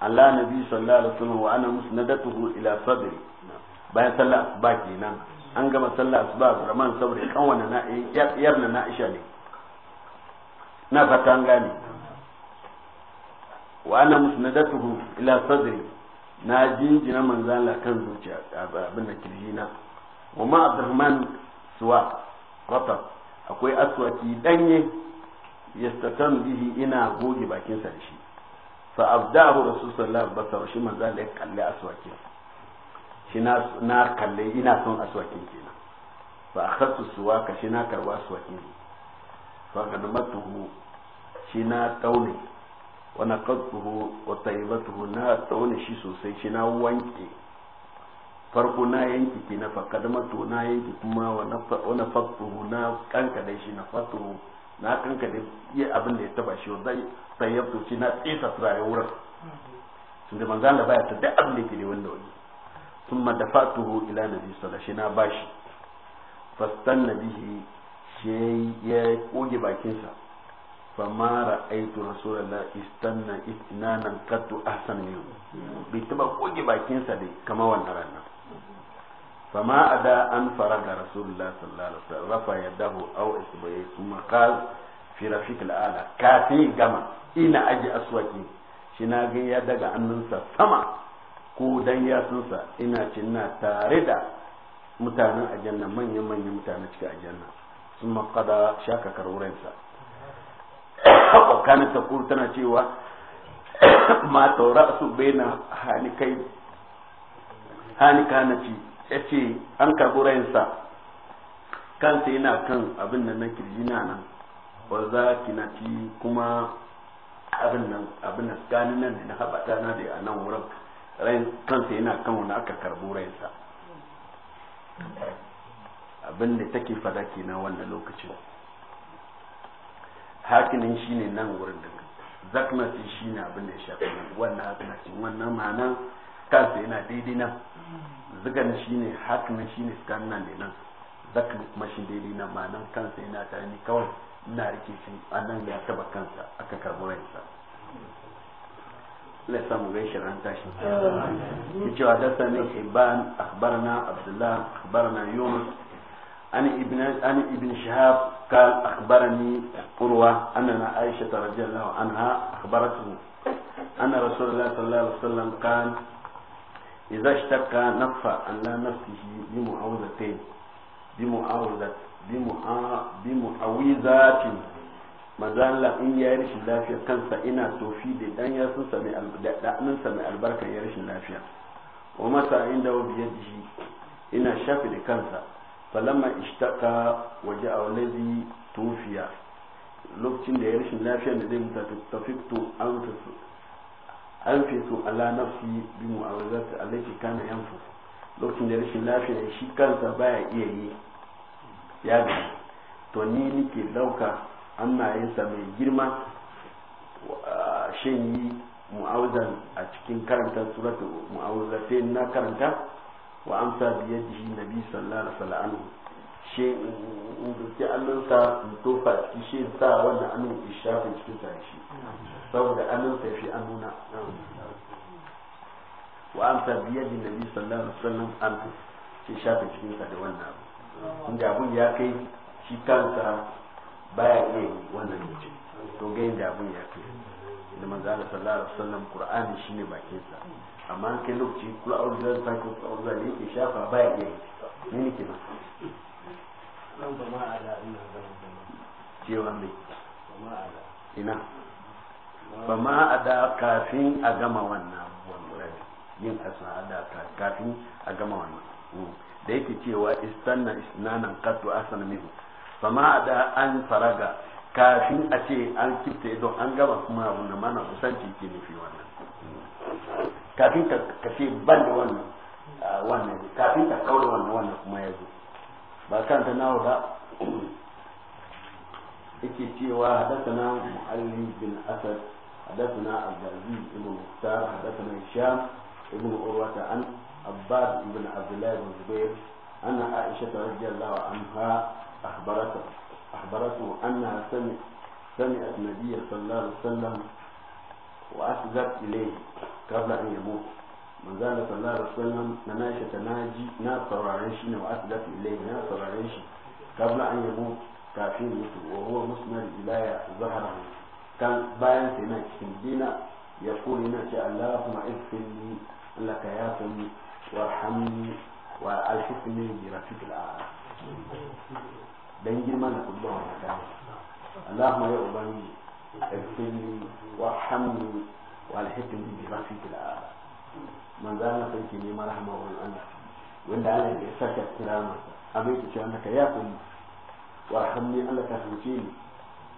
Speaker 1: ala nabi sallallahu alaihi wasallam wa ana musnadatuhu ila sadri bayan sallah asuba kenan an gama sallah asuba Abdurrahman sabri kan wannan na yar na Aisha ne na fata an gane wa ana musnadatuhu ila sadri na jinjina manzala kan zuciya abin da na, wa ma Abdurrahman suwa rata akwai aswaki danye yastatan bihi ina goge bakin sa da shi fa abdahu rasulullah ba alaihi shi manzo Allah ya kalle aswakin shi na na kalle ina son aswakin kenan fa akhadtu suwaka shi na karwa aswakin fa kadamatuhu shi na taune wa naqadtuhu wa tayyibatuhu na taune shi sosai shi na wanke farko na yanki ke na fakadamatu na yanki kuma wa na fattuhu na kanka da shi na fattuhu na kanka da iya abin da ya taba shi zai sai ya fito na tsisa turare wurin da manzo da baya ta duk abin da yake da wanda wani thumma dafatuhu ila zai sada shi na bashi fastan bihi shi ya koge bakin famara fama ra'aitu rasulullah istanna istinanan qattu ahsan min bai taba koge bakinsa dai kamar wannan ranar فما a da an fara الله صلى الله عليه وسلم رفع يده أو إصبعيه ثم قال في رفيق الأعلى كافي جمع إن أجي أسوتي شنا جي يدك أن ko dan ya sunsa ina cin tare da mutanen aljanna manyan manyan mutane cikin aljanna sun makada shaka karurensa wakana ta tana cewa ma taura su bai na hanikai hanika na ci ya ce an karɓi rayinsa sai yana kan abin nan na kirji na nan wa za ki na ci kuma abin nan abin nan gani nan da na haɓata na da a nan wurin rayin sai yana kan wani aka karɓi rayinsa abin da take fada na wannan lokacin hakinin shine nan wurin da zaknati shine abin da ya shafi wannan hakinin wannan ma'ana kansa yana daidai nan zigan shi ne hakimin shi ne stanna ne nan zakin kuma shi daidai na ma'anar kansa na ta ni kawai ina rike shi a nan ya taba kansa aka karbi ransa Allah ya samu gaishe ran tashi yace wa dasa ne Hibban akhbarna Abdullah akhbarna Yunus ani ibn عن ابن شهاب قال اخبرني قروه اننا عائشه رضي الله عنها اخبرته ان رسول الله صلى الله عليه وسلم قال إذا اشتكى نفى عن نفسه بمعوذتين بمعوذة بمعوذات mazala in ya rashin lafiya kansa ina tofi da dan ya sami albarka ya rashin lafiya wa masa inda wa biyadihi ina shafi da kansa falamma ishtaka waje a walazi tufiya lokacin da ya rashin lafiya da zai mutu tafiktu an an fi ala nafsi bi mu'awazati allati kana yanfu lokacin da rashin lafiya shi kansa baya iya yi ya ga to ni nike lauka amma yin sa mai girma shin yi mu'awazan a cikin karanta suratu mu'awazatai na karanta wa amsa yadihi nabi sallallahu alaihi wasallam shi in duki allon sa in tofa cikin shi sa wannan cikin sa shi saboda annan sai fi an nuna wa amsa biyar da nabi sallallahu alaihi wasallam an ce shafe cikin sa da wannan abu inda abun ya kai shi kansa baya iya wannan mutum to ga inda abun ya kai da manzo Allah sallallahu alaihi wasallam Qur'ani shine bakin sa amma an kai lokaci kula auzan sai ko auzan ne ke shafa baya iya ne ne ke ba cewa mai ina ba ma a da kafin a gama wannan yin a da kafin a gama wannan mm. da yake cewa istanna isnanan qattu asana minhu fa ma da an faraga kafin a ce an kifta ido an gama kuma abu na mana kusanci ke nufi wannan mm. kafin ka ce ban da wannan wannan kafin ka kaura wannan wannan kuma ya zo ba kan ta nawa ba yake cewa hadasa na mu'allim bin asad حدثنا عبد العزيز بن مختار حدثنا هشام بن عروة عن عباد بن عبد الله بن الزبير أن عائشة رضي الله عنها أخبرته أخبرته أنها سمعت سمعت النبي صلى الله عليه وسلم وأسدت إليه قبل أن يموت من ذلك صلى الله عليه وسلم نماشة ناجي ناصر عيشي وأسدت إليه ناصر عيشي قبل أن يموت كافين مثل وهو مسند إلى ظهره كان باين في ناس الدين يقول ناس اللهم اغفر لي لك يا سمي وارحمني والحقني برفيق الآخر بنجي ما نقول اللهم يا ربي اغفر لي وارحمني والحقني برفيق الآخر ما زال نفسي كني ما رحمه الله وإن دعنا يسكت كلامك أبيت شو أنك يا سمي وارحمني أنك تنجيني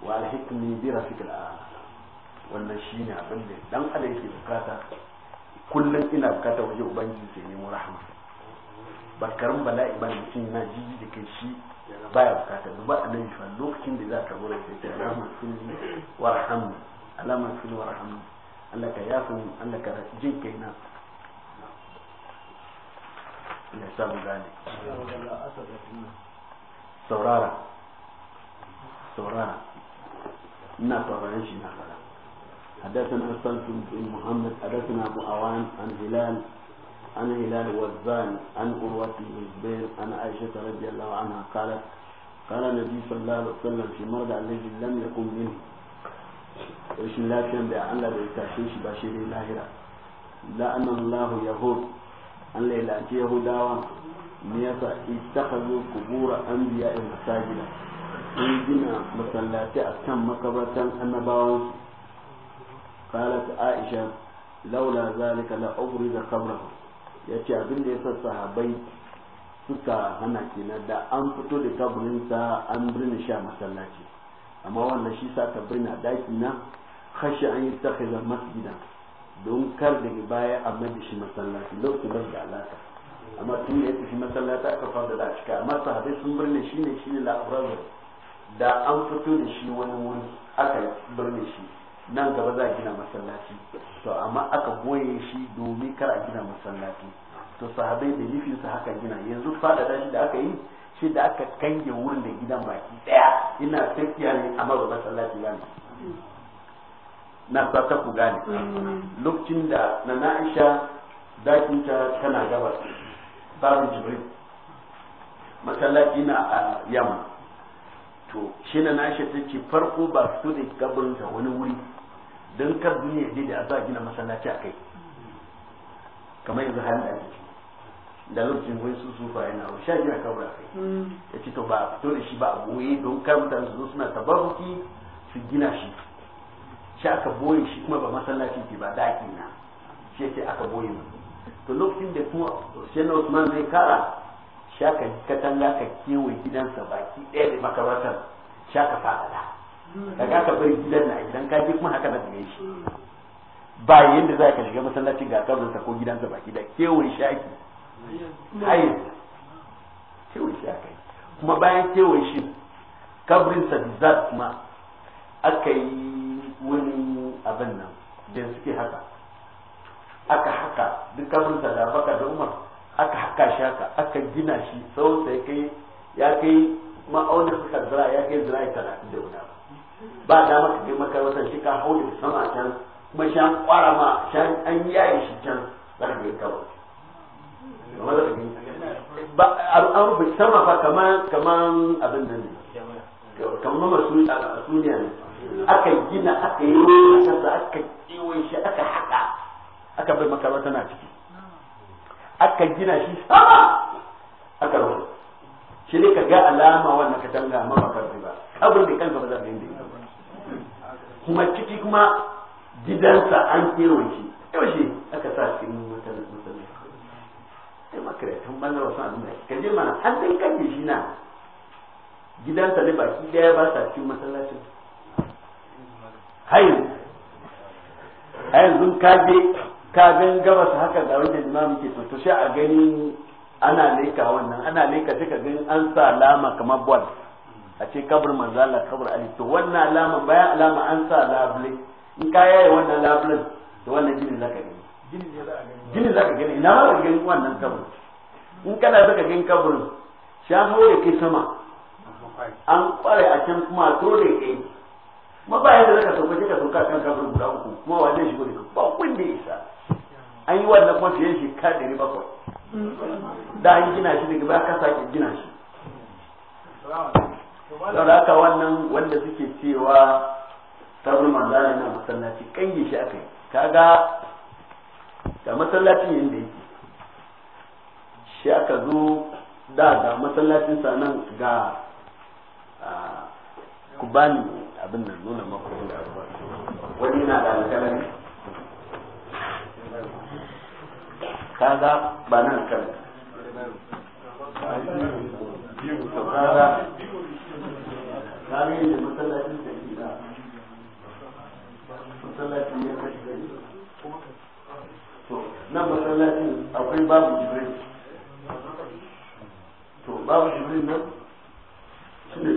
Speaker 1: wa alhikmi bi rafiqil a wannan shine abin da dan adam yake bukata kullum ina bukata waje ubangiji ke nemo rahama ba karin bala'i ba mutum na jiji da kai shi baya bukata duba a annabi fa lokacin da za ka gura sai ta rahama sunni wa rahamu alama sunni wa rahamu Allah ka yafa mu Allah ka jin kai na ina samu gane saurara saurara ina sauraron shi na fara حدثنا أرسلت بن محمد حدثنا أبو أوان عن هلال عن هلال وزان عن عروة بن الزبير عن عائشة رضي الله عنها قالت قال النبي صلى الله عليه وسلم في مرضى الذي لم يقم منه rashin lafiyan da Allah bai tashe shi ba shi ne lahira la'anan Allahu yahud an lailaci yahudawa ne yasa ittakhadhu qubur anbiya'il masajida an gina masallaci a kan makabartan annabawan qalat aisha laula zalika la ubrida qabrahu yace abin da yasa sahabbai suka hana kenan da an fito da kabarin sa an birni sha masallaci amma wannan shi sa kabarin a daki na kashi an yi takhiza masjida don kar daga baya a mai shi masallaci lokacin bai da alaka amma tun da ya tafi masallaci aka fara da shi amma sahabbai sun birni shine shine la abraza da an fito da shi wani wuri aka birne shi nan gaba za a gina masallaci to amma aka goye shi domin kar a gina masallaci to sahabai da nufin su haka gina yanzu fadada shi da aka yi shi da aka kange wurin da gidan baki daya ina tafiya ne amma ba masallaci ba
Speaker 2: ne
Speaker 1: na fata ku gane lokacin da na na'isha dakin ta tana gabas babu jibril masallaci na a yamma to shi na nashi ta ce farko ba fito da gabarinsa wani wuri don kar duniya je da za gina masallaci a kai kamar yanzu halin da ciki da lokacin wai su su yana na sha gina kabura kai hmm. ya ce to ba fito da shi ba a boye don kar mutane su zo suna tabarruki su gina shi shi aka boye shi kuma ba masallaci ke ba daki na shi aka boye mu to lokacin da kuma shi na Usman zai kara shaka katanga ka kewaye gidansa baki ɗaya da makarantar shaka fadada ga ka bari gidan na gidan ka ji kuma haka na gare shi ba yanda za ka shiga masallacin ga sa ko gidansa baki da kewaye shaki hayin kewaye shaki kuma bayan kewaye shi sa da kuma aka yi wani abin nan da suke haka aka haka duk sa da baka da umar aka haka shi haka aka gina shi tsawon sai kai ya kai ma'aunin suka zira ya kai zira ya talatin da guda ba da maka kai makarantar shi ka hau da sama can kuma shan kwara ma shan an yaye shi can za ka gina kawo kamar da kabi ba sama fa kamar kaman abin nan ne kamar masu suniya ne aka gina aka yi wani kasa aka kewaye shi aka haka aka bai makarantar na ciki aka gina shi sama aka rufe shi ne ka ga alama wannan ka tanga ba karfi ba abin da kansa ba za ka yi da kuma ciki kuma gidansa an kewa shi yaushe aka sa cikin mutane musulmi sai makarantar banzar wasu abin da ka je mana an dai kan shi na gidansa ne baki daya ba sa cikin masallacin hayin hayin zun kaje ka gan su haka da wanda muke ke to to a gani ana leka wannan ana leka sai ka gani an sa alama kamar bol a ce kabur manzala kabur ali to wannan alama bayan alama an sa labule in ka yaye wannan labulen da wannan za zaka gani za zaka gani ina ma gani wannan kabur in kana zaka gani kaburin sha haure kai sama an kware a can kuma to da kai kuma ba yadda zaka sauka ka sauka kan kaburin guda uku kuma wa zai shigo da ba kun da isa an yi wannan kuma fiye shekara ɗari bakwai da an gina shi daga baya ka sake gina shi don haka wannan wanda suke cewa sabon manzana na masallaci kange shi aka yi kaga ga masallacin yadda yake shi aka zo da ga masallacin sanan ga kubani abin nan nuna da abuwa wani na da alkalami kaga ba nan kan na masallacin ya nan akwai babu jibril to babu jibril nan shi ne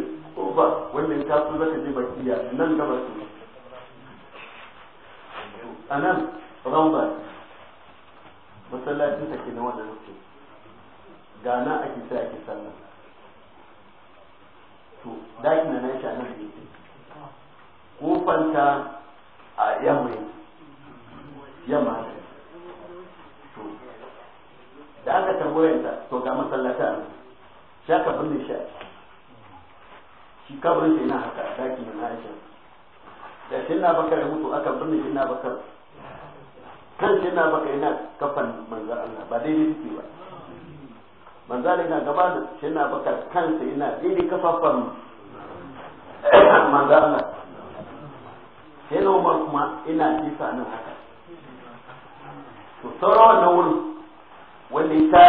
Speaker 1: ba wannan ta zaka je bakiya nan gaba su a nan masallacin ta na wannan lokaci ga nan ake sai ake sallah to dakin da na sha nan da yake kofanta a yamma yamma to da aka tambayar ta to ga masallata nan sha ka binne sha shi kabarin shi na haka dakin da na sha da shi na bakar mutu aka binne shi na bakar kan sai na baka ina kafan manzan Allah ba daidai suke ba manzan Allah gaba da sai na baka kansa ina daidai kafafan manzan Allah sai na umar kuma ina jisa nan haka to sauran wannan wurin wanda ita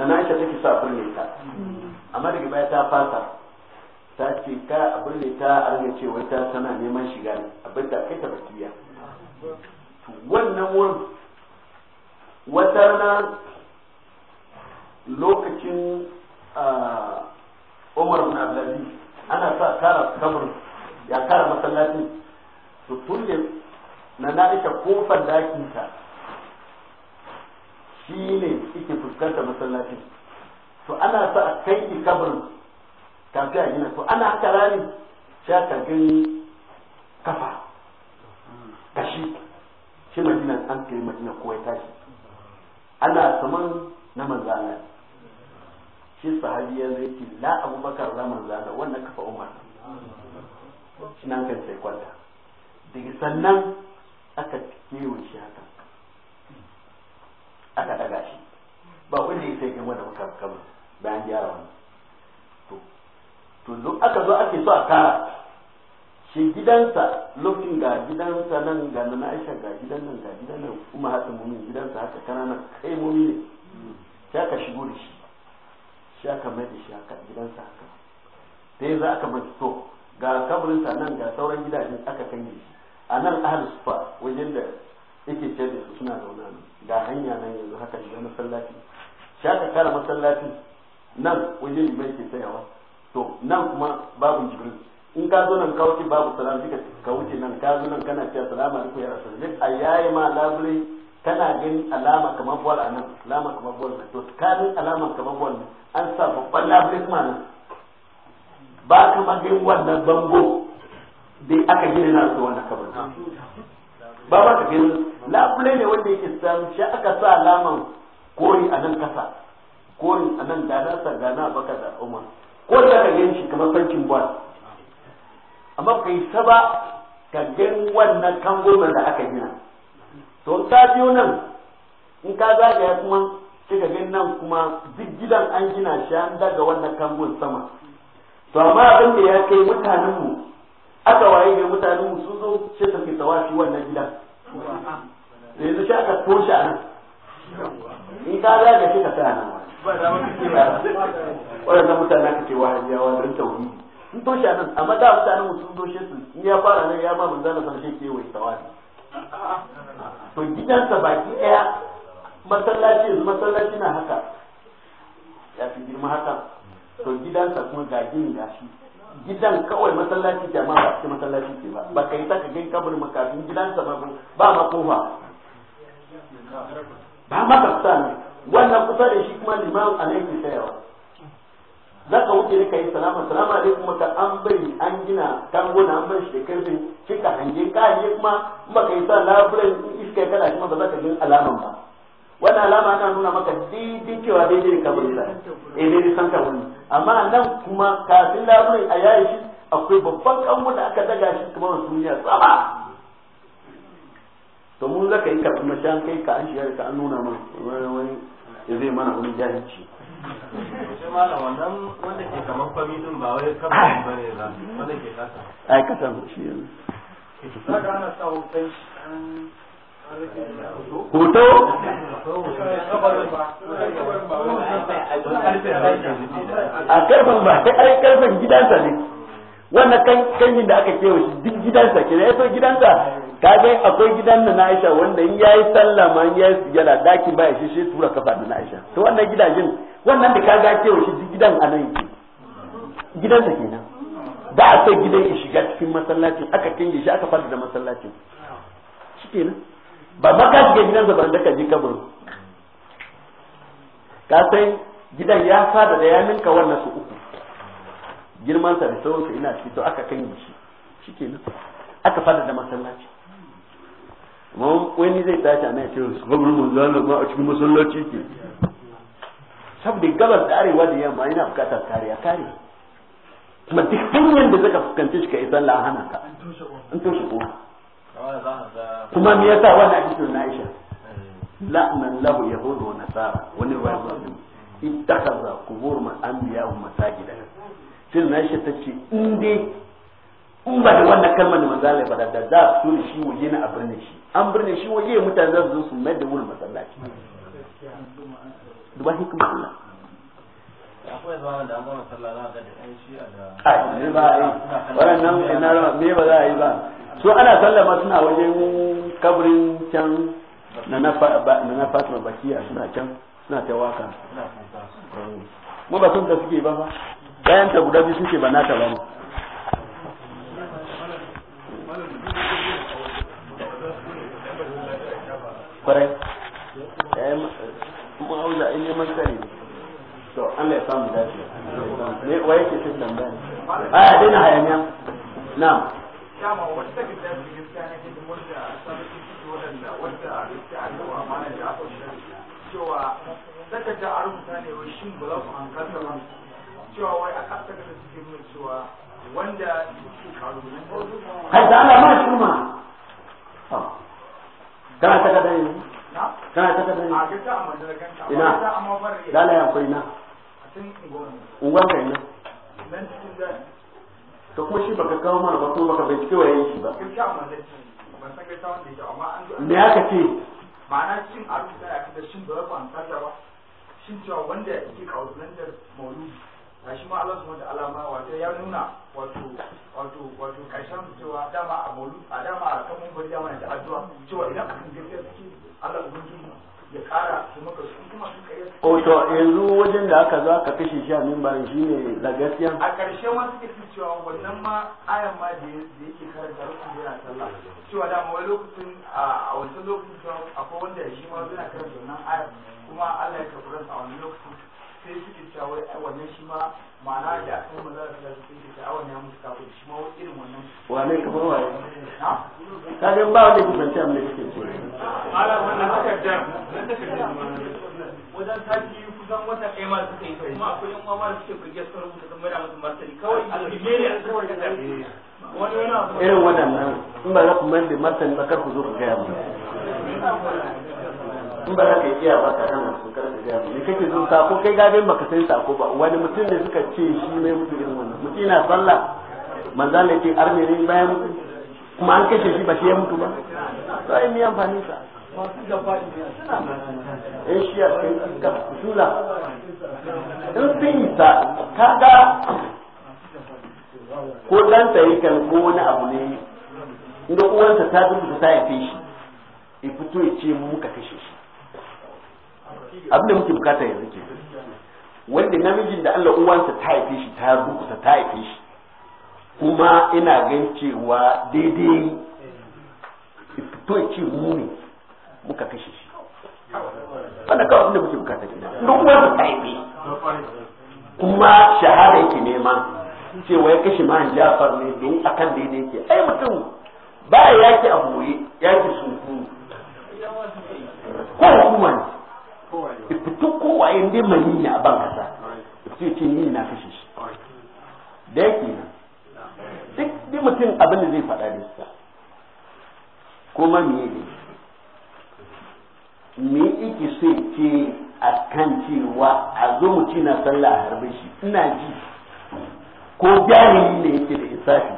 Speaker 1: na nashi take sa birne ta amma daga baya ta fasa ta ce ka a birne ta arga cewa ta tana neman shiga ne abin da kai ta bakiya wannan wurin wata rana lokacin umar bin abdulaziz ana sa kara kamar ya kara masallacin su tunye na na'isha kofar dakinta shi ne ike fuskantar masallacin to ana sa a kai kabarin kafin a gina to ana haka rani sai aka gani kafa kashi shi madina an kai madina kowa ya tashi ana saman na Allah shi sahabi ya zai ce la abubakar la Allah wannan kafa umar shi nan kan sai kwanta daga sannan aka kewa shi haka aka daga shi ba wanda ya sai game da makarkar bayan gyara wani to aka zo ake so a kara shi gidansa lokacin ga gidansa nan ga na aisha ga gidan nan ga gidan nan kuma haka mumin gidansa haka nan kai mumi ne shi aka shigo da shi shi aka mai da shi aka gidansa haka ta yi za aka mai to ga kabarinsa nan ga sauran gidajen aka kange shi a nan ahal sufa wajen da yake ce da su suna zauna nan ga hanya nan yanzu haka shiga masallaci shi aka kara masallaci nan wajen mai ke tsayawa to nan kuma babu jibril in ka zo nan ka wuce babu salam duka ka wuce nan ka zo nan kana cewa salamu alaikum ya rasul duk a yayi ma labule kana gani alama kamar buwar a nan alama kamar buwar nan to tsakanin alama kamar buwar nan an sa babban labure kuma nan ba ka ma gani wannan bango da aka gina na su wannan kabar ba ba ka gani labule ne wanda yake san shi aka sa alaman kori a nan kasa kori a nan da na sa gana baka da umar ko da ka gani shi kamar sarkin buwar amma kai yi saba ka gan wannan kangomar da aka gina to in ka biyo nan in ka zagaya kuma sai ka gan nan kuma duk gidan an gina shi an daga wannan kangon sama to amma abin da ya kai mutanenmu aka waye ga mutanenmu sun zo sai suke tawafi wannan gidan yanzu shi aka toshe a nan in ka zagaya shi ka sa nan waɗannan mutane aka ce wa wahajiyawa don tauhidi sun toshe a nan amma da mutanen mu sun toshe su in ya fara nan ya ba mun zana san shi ke wai tawani to gidansa baki daya masallaci yanzu masallaci na haka ya fi girma haka to gidansa kuma ga gini gashi. gidan kawai masallaci ke ma ba ce masallaci ke ba ba kai saka gan kabur makafin gidansa ba ba ma kofa ba ma kafsa ne wannan kusa da shi kuma limamin alaikin sayawa za ka wuce ne ka yi salama salama dai kuma ka an bari an gina gona an bari shi da karfin shi ka hange ka hange kuma in ba ka yi sa labulen in iska kada kuma ba za ka gani alaman ba wannan alama ana nuna maka daidai cewa daidai ka bari da eh daidai san ka wani amma nan kuma kafin labulen a yayi shi akwai babban kan da aka daga shi kuma wasu duniya tsaba to mun zaka yi ka kuma shan kai ka an shi ka an nuna mana wani zai mana wani jahilci A ah. kasan shi yanzu a karfin ba gidansa ne wannan da aka kewa shi duk gidansa ke ya so gidansa ka ga akwai gidan da na Aisha wanda in yayi sallah ma in yayi sujada dakin ba shi shi tura kafa da naisha Aisha to wannan gidajen wannan da ka ga shi gidan a nan yake da kenan ba a sai gidan ya shiga cikin masallacin aka kinge shi aka fada da masallacin shi kenan ba ma ka shiga gidan ba da ka je kabur ka san gidan ya fada da ya ninka wannan su uku girman sa da sa ina ciki to aka kinge shi shi kenan aka fada da masallacin masallaci wani zai tashi a nan ya ce su kabarin manzo Allah ma a cikin masallaci ke saboda gabar da arewa da yamma yana bukatar kariya kare kuma duk hanyar da zaka fuskanci shi ka isa la hana ka in toshe kuma
Speaker 3: kuma me yasa wannan
Speaker 1: hadisin na Aisha la'nan lahu yahudu wa nasara wani ruwa zalim ittakhadha qubur ma anbiya wa masajida sai na Aisha tace in dai in ba da wannan kalmar da manzo Allah ya da za su shi waje na a birne shi an birne shi waje mutane za su zo su mai da wurin masallaci duba hikima Allah
Speaker 3: ina me ba
Speaker 1: za a yi ba su ana sallama suna wajen kabrin can na na fatima bakiya suna can suna ta waka mu ba sun da suke ba ba bayan ta guda biyu suke ba na ta ba kwarai eh, kuma hausa in neman sani to Allah ya samu ne wa yake hayaniya
Speaker 4: take da gaskiya ne da wanda wanda da aka shi cewa ne shin ba za ku hankalta ba cewa wai a kasa da cewa wanda karu ne da
Speaker 1: Allah ma shi kana ta tafi ina lalai akwai na unguwan kai na to kuma shi baka kawo mana ba kuma
Speaker 4: baka bincike wa yayin shi ba me aka ce ma'ana cin ya da shin ba ba da ba shin cewa wanda ya yake kawo mauludi ga shi ma Allah subhanahu wa ta'ala wato ya nuna wato wato wato karshen su cewa dama a maulu a dama a kan mun bari dama da addu'a cewa idan aka gaskiya suke Allah ubangiji ya kara su maka su kuma su kai ko to yanzu
Speaker 1: wajen da aka zo aka kashe shi a mimbarin shine la gaskiya a
Speaker 4: karshe ma suke cewa wannan ma ayan ma da yake karanta da yana sallah cewa dama wani lokacin a wancan lokacin akwai wanda shi ma yana karanta wannan ayan kuma Allah ya karɓi a wani lokacin sai su ke cewa wannan shi ma ma'ana da kan maza da su suke cewa wannan ya mutu kafin shi ma wani irin wannan wane kamar waye
Speaker 1: ka ga ba wanda ke zance amma ke ce. ala wannan
Speaker 4: takardar nan takardar wajen sati kusan wata ɗaya ma suka yi kuma akwai yan uwa da suke kujiyar sun rubuta sun mai da musu martani kawai a alhimeriya kawai da irin waɗannan
Speaker 1: in ba za ku mai da martani ba kar ku zo ku gaya
Speaker 2: mu in ba za ka iya ba ka kan su kar ka ne kake zuwa
Speaker 1: ko kai gaben baka san sako ba wani mutum ne suka ce shi mai mutu irin wannan mutum yana sallah manzan ne ke arme ne bayan kuma an kashe shi ba shi ya mutu ba to ai
Speaker 2: mi amfani sa in eh, shi ya kai ka kusula in sun yi sa ko dan
Speaker 1: yi kan ko wani abu ne inda uwansa ta dubu ta ya fi shi ya fito ya ce mu muka kashe shi abin da muke bukata yanzu ke wanda namijin da Allah uwansa ta haife shi ta rukuta ta haife shi kuma ina gan cewa daidai fito ya ce mu muka kashe shi wanda kawai abin da muke bukata ke duk uwansa ta haife kuma shahada yake nema cewa ya kashe man jafar ne don akan daidai yake ai mutum ba yaki a boye yaki sunku ko hukuma ya ne kowaye dai a ban kasa su ce ni na kashe shi da yake nan duk dai mutum abin da zai faɗa da sa kuma me ne me yake so ce a kan cewa a zo mu na sallah a harbe shi ina ji ko jahili ne yake da isafi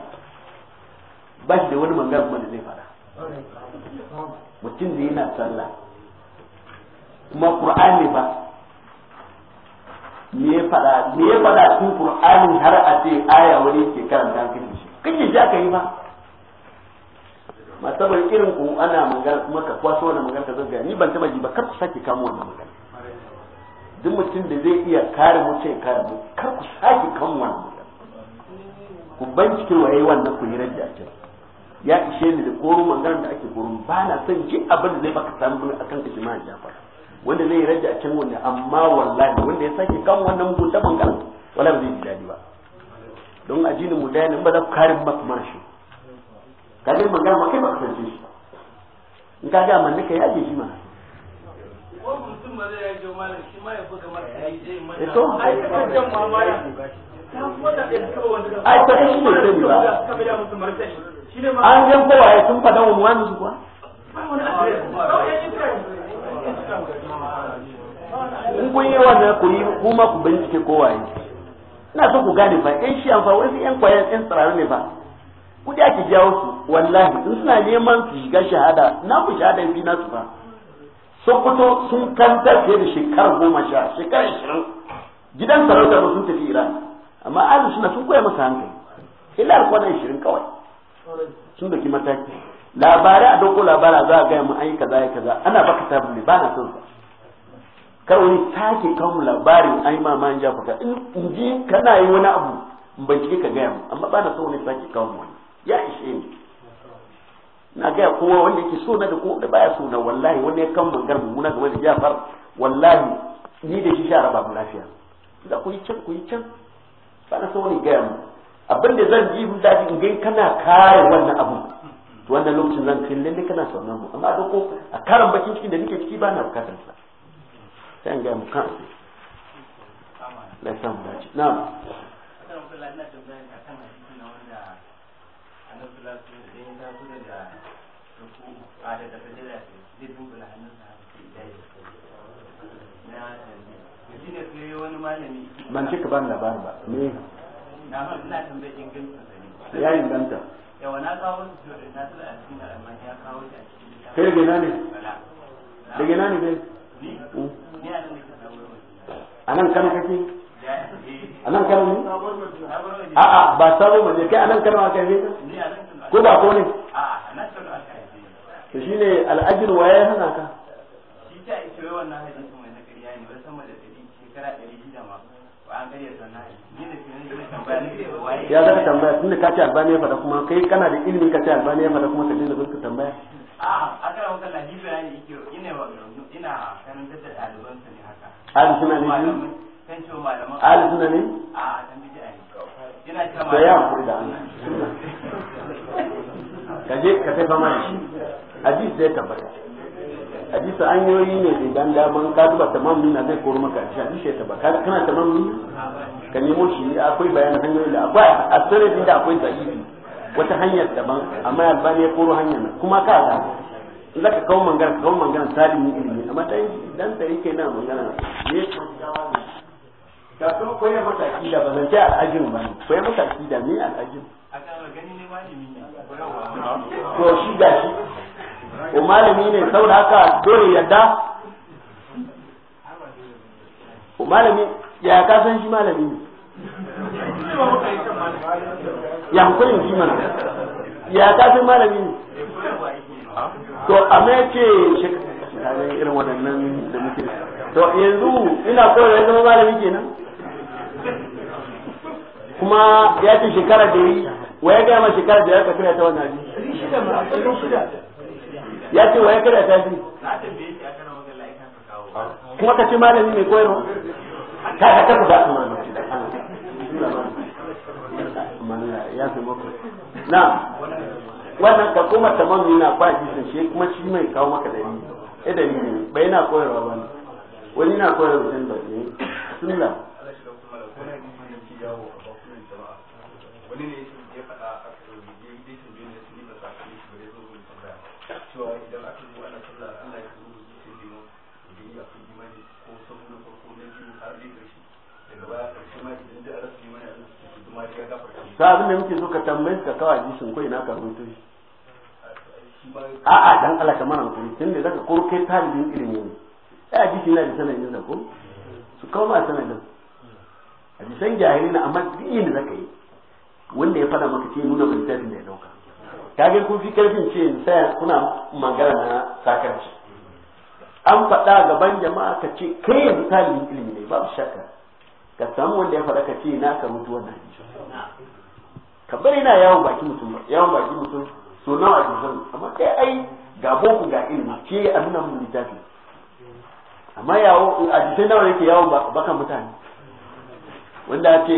Speaker 1: ba shi da wani magana kuma da zai
Speaker 2: faɗa
Speaker 1: mutum da yana sallah kuma qur'ani ba me ya fada me ya cikin qur'ani har a ce aya wani ke karanta kake shi kake ji aka yi ba ma irin ku ana magana kuma ka kwaso wannan magana ka zaga ni ban taba ji ba kar ku sake kamo wannan magana duk mutum da zai iya kare mu ce kare mu kar ku sake kamo wannan magana ku bincike waye wannan ku yi rajja kira ya ishe ni da koro magana da ake koro ba na son ji abin da zai baka samu akan kashi ma jafar wanda zai rage a can wanda amma wallahi wanda ya sake kan wannan mugunta wala wallahi zai ji dadi ba don ajinin mu dai ba za ku kare ba kamar shi kaje magana ma kai ba ka san shi in ka ga manne kai yaje shi ma
Speaker 3: ko mutum ba zai yaje ma shi ma ya buga yayi eh to ai ka
Speaker 4: ai ta ne sai ba an jan kowa
Speaker 1: sun fadan wani musu kuwa
Speaker 2: in kun yi wannan ku yi
Speaker 1: kuma ku bincike waye ina so ku gane fa in shi amfa wasu yan kwayan yan tsirarru ne ba da ake jawo su wallahi in suna neman su shiga shahada na ku shahada bi na su fa sokoto sun kanta fiye da shekara goma sha shekara ashirin gidan sarauta ba sun tafi iran amma azu suna sun koya masa hankali ila alkwana ashirin kawai sun daki mataki labarai a dauko labara za a gaya mu an yi kaza ya kaza ana baka tabu ne ba na son sa kar wani take kawo labarin an ja mamayin jafuka in ji kana yi wani abu in bincike ka gaya mu amma ba na son wani take kawo mu wani ya ishe ni na gaya kowa wanda yake so na da ko da baya so na wallahi wanda ya kan mangar mummuna game da jafar wallahi ni da shi shara raba mu lafiya da ku yi can ku yi can ba na son wani gaya mu abin da zan ji mun da in gai kana kare wannan abu to wannan lokacin zan kai lalle kana sauran mu amma da ko a karan bakin cikin da nake ciki ba na bukatar sa sai an ga mu kan sai la da na'am ban cika ban labarin ba ne
Speaker 3: ya inganta yawa na kawo su da na tura a cikin al'amman ya kawo shi a cikin Da gina ina ne
Speaker 2: daga ina ne
Speaker 1: kai ni
Speaker 2: a nan a nan kano kake eh. a nan kano ne a'a ba sabo maje kai a nan kano aka yi
Speaker 4: ko ba ko ne to ne al'ajir waye ya hana ka
Speaker 3: shi ta ita wannan hadisin mai na ya ne wani sama da ɗari shekara ɗari shida ma ya zaka tambaya tunda ka ce
Speaker 1: albani ya fada kuma kai kana da ilimin ka ce albani ya fada kuma ka dinga zurka tambaya
Speaker 3: a aka rawa kallon ni bayani yake ina ina karanta da ɗaliban ne haka ahli sunna ne kan ce malaman ahli sunna
Speaker 1: ne
Speaker 2: a dan bid'a ne ina cewa malaman ya hakuri da Allah ka je ka tafi mana shi hadisi zai tabbata
Speaker 1: a bisa yi ne da dan daman ka zuba na zai koro maka shi hadisi ya taba kana ka nemo shi akwai bayan hanyoyi da akwai a sanadin da akwai zaifi wata hanyar daban amma albani ya koro hanyar nan kuma ka ga za kawo mangana kawo mangana ilimi amma dan na mangana ne ka so koyi maka akida ba zan ce al'ajin ba ne al'ajin a
Speaker 5: kan gani ne ne
Speaker 1: ko malami ne saboda haka dole yadda malami ya ka san shi malami ne
Speaker 4: ya hankulin shi mana ya ka san malami ne to me yake
Speaker 1: shi irin waɗannan da muke to yanzu ina koyar ya zama malami kenan kuma ya ce shekara da yi wa ya gama shekara da ya ka ya ta wani abin
Speaker 2: ya ce wa ya kada ta ji kuma ka ce malami mai koyarwa ka ka ta da kuma mutum
Speaker 1: da ya fi maka na wannan ka koma tamam ne na ba shi sun shi kuma shi mai kawo maka da dalili eh dalili ne bai na koyarwa ba ne wani na koyarwa sun da ne sunna wani ne ta abin da muke so ka tambayi ka kawai hadisin ko ina ka rubuto shi a'a dan Allah ka mana kuri tunda zaka ko kai talibin ilimi ne ai hadisi yana da yin da ko su kawo ma sanan da a ji san jahili na amma duk inda zaka yi wanda ya fada maka ce nuna littafin da ya dauka ga kun fi karfin ce sai kuna magana na sakarci an faɗa gaban jama'a ka ce kai yanzu talibin ilimi ne babu shakka ka samu wanda ya faɗa ka ce na ka mutu wannan hadisin ka bari na yawon baki mutum yawon baki mutum so nawa a jisan amma kai ai ga boko ga ilimi ke a nuna mun littafi amma yawo a jisan nawa yake yawon bakan mutane wanda ake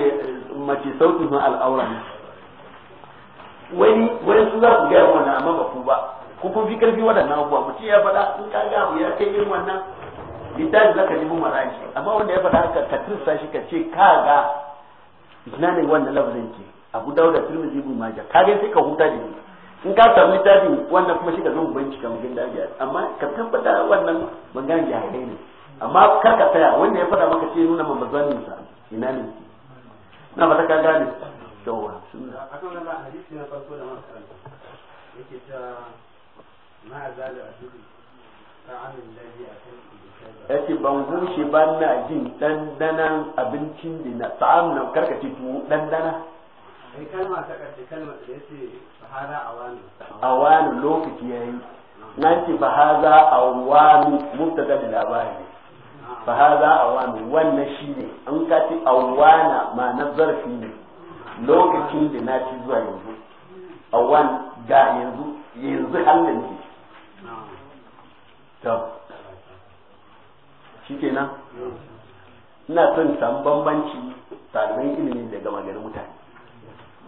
Speaker 1: mace sautin al'aura ne wani wani su za ku gaya wannan amma ba ku ba ku kun fi karfi waɗannan abubuwa ce ya faɗa in ka ga abu ya kai irin wannan littafi za ka nemi marashi amma wanda ya faɗa haka ka tirsa shi ka ce ka ga ina ne wannan lafazin ke abu dauda tirmidhi ibn majah ka sai ka huta da ni in ka samu littafin wannan kuma shi ka zama bincika mu ginda biya amma ka tabbata wannan bangaren jahilai ne amma kar ka tsaya wanda ya fada maka ce nuna mamazanin sa ina ne na ba ta ka gane yawa
Speaker 3: akan wannan hadisi na farko da muka yake ta ma zalu asiri ta'amin ladhi
Speaker 1: akan ya ce ban gushe ba na jin dandanan abincin da na sa'am nan karkace tuwo dandana awani lokaci yayi nan ce ba haza awanu mubtada da labari ne ba haza awanu wannan shine an ka a awana ma na zarfi ne lokacin da na ci zuwa yanzu awan ga yanzu yanzu Allah ne to shikenan ina son samu bambanci talibai ilimi daga magarin mutane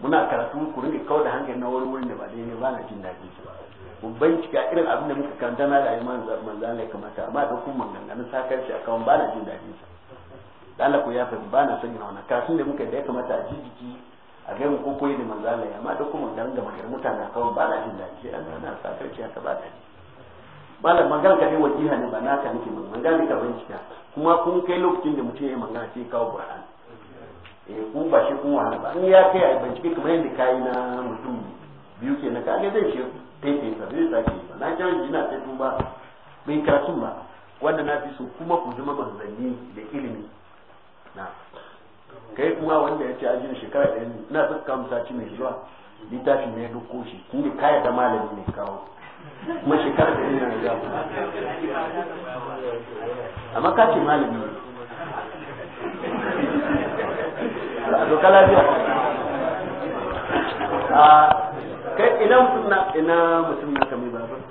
Speaker 1: muna karatu ku rinka kawo da hankali na wani wurin da ba ne ba na jin daɗin shi ba ku bincika irin abin da muka karanta na rayu zan ne kamata amma da kuma maganganun sakar shi akan ba na jin daɗin Da Allah ku ya fahimta ba na sanya wannan karatun da muka da ya kamata a jijiki a ga mu kokoyi da manzan ne amma da kuma ganganin da maganganun mutane akan ba na jin daɗin shi Allah na sakar shi aka ba ni malam mangal ka ne wajiha ne ba ka nake magana ka bincika kuma kun kai lokacin da mutum ya yi mangana sai kawo Qur'ani ku eh, ba shi kun wani ba in ya kai a bincike kamar yadda ka yi na mutum biyu ke na kage zai shi taitai sa zai sake ba na kyan ji na taitu ba bai karatu ba wanda na fi so kuma ku zama manzanni da ilimi na kai kuma wanda ya ce ajin shekara ɗaya na son kawo sati mai zuwa littafi ne ya dukko shi kin da kaya da malami ne kawo kuma shekara ɗaya ne na gaba amma ka ce malami doka lafiya a ah, kai ina mutum na ina mutum ba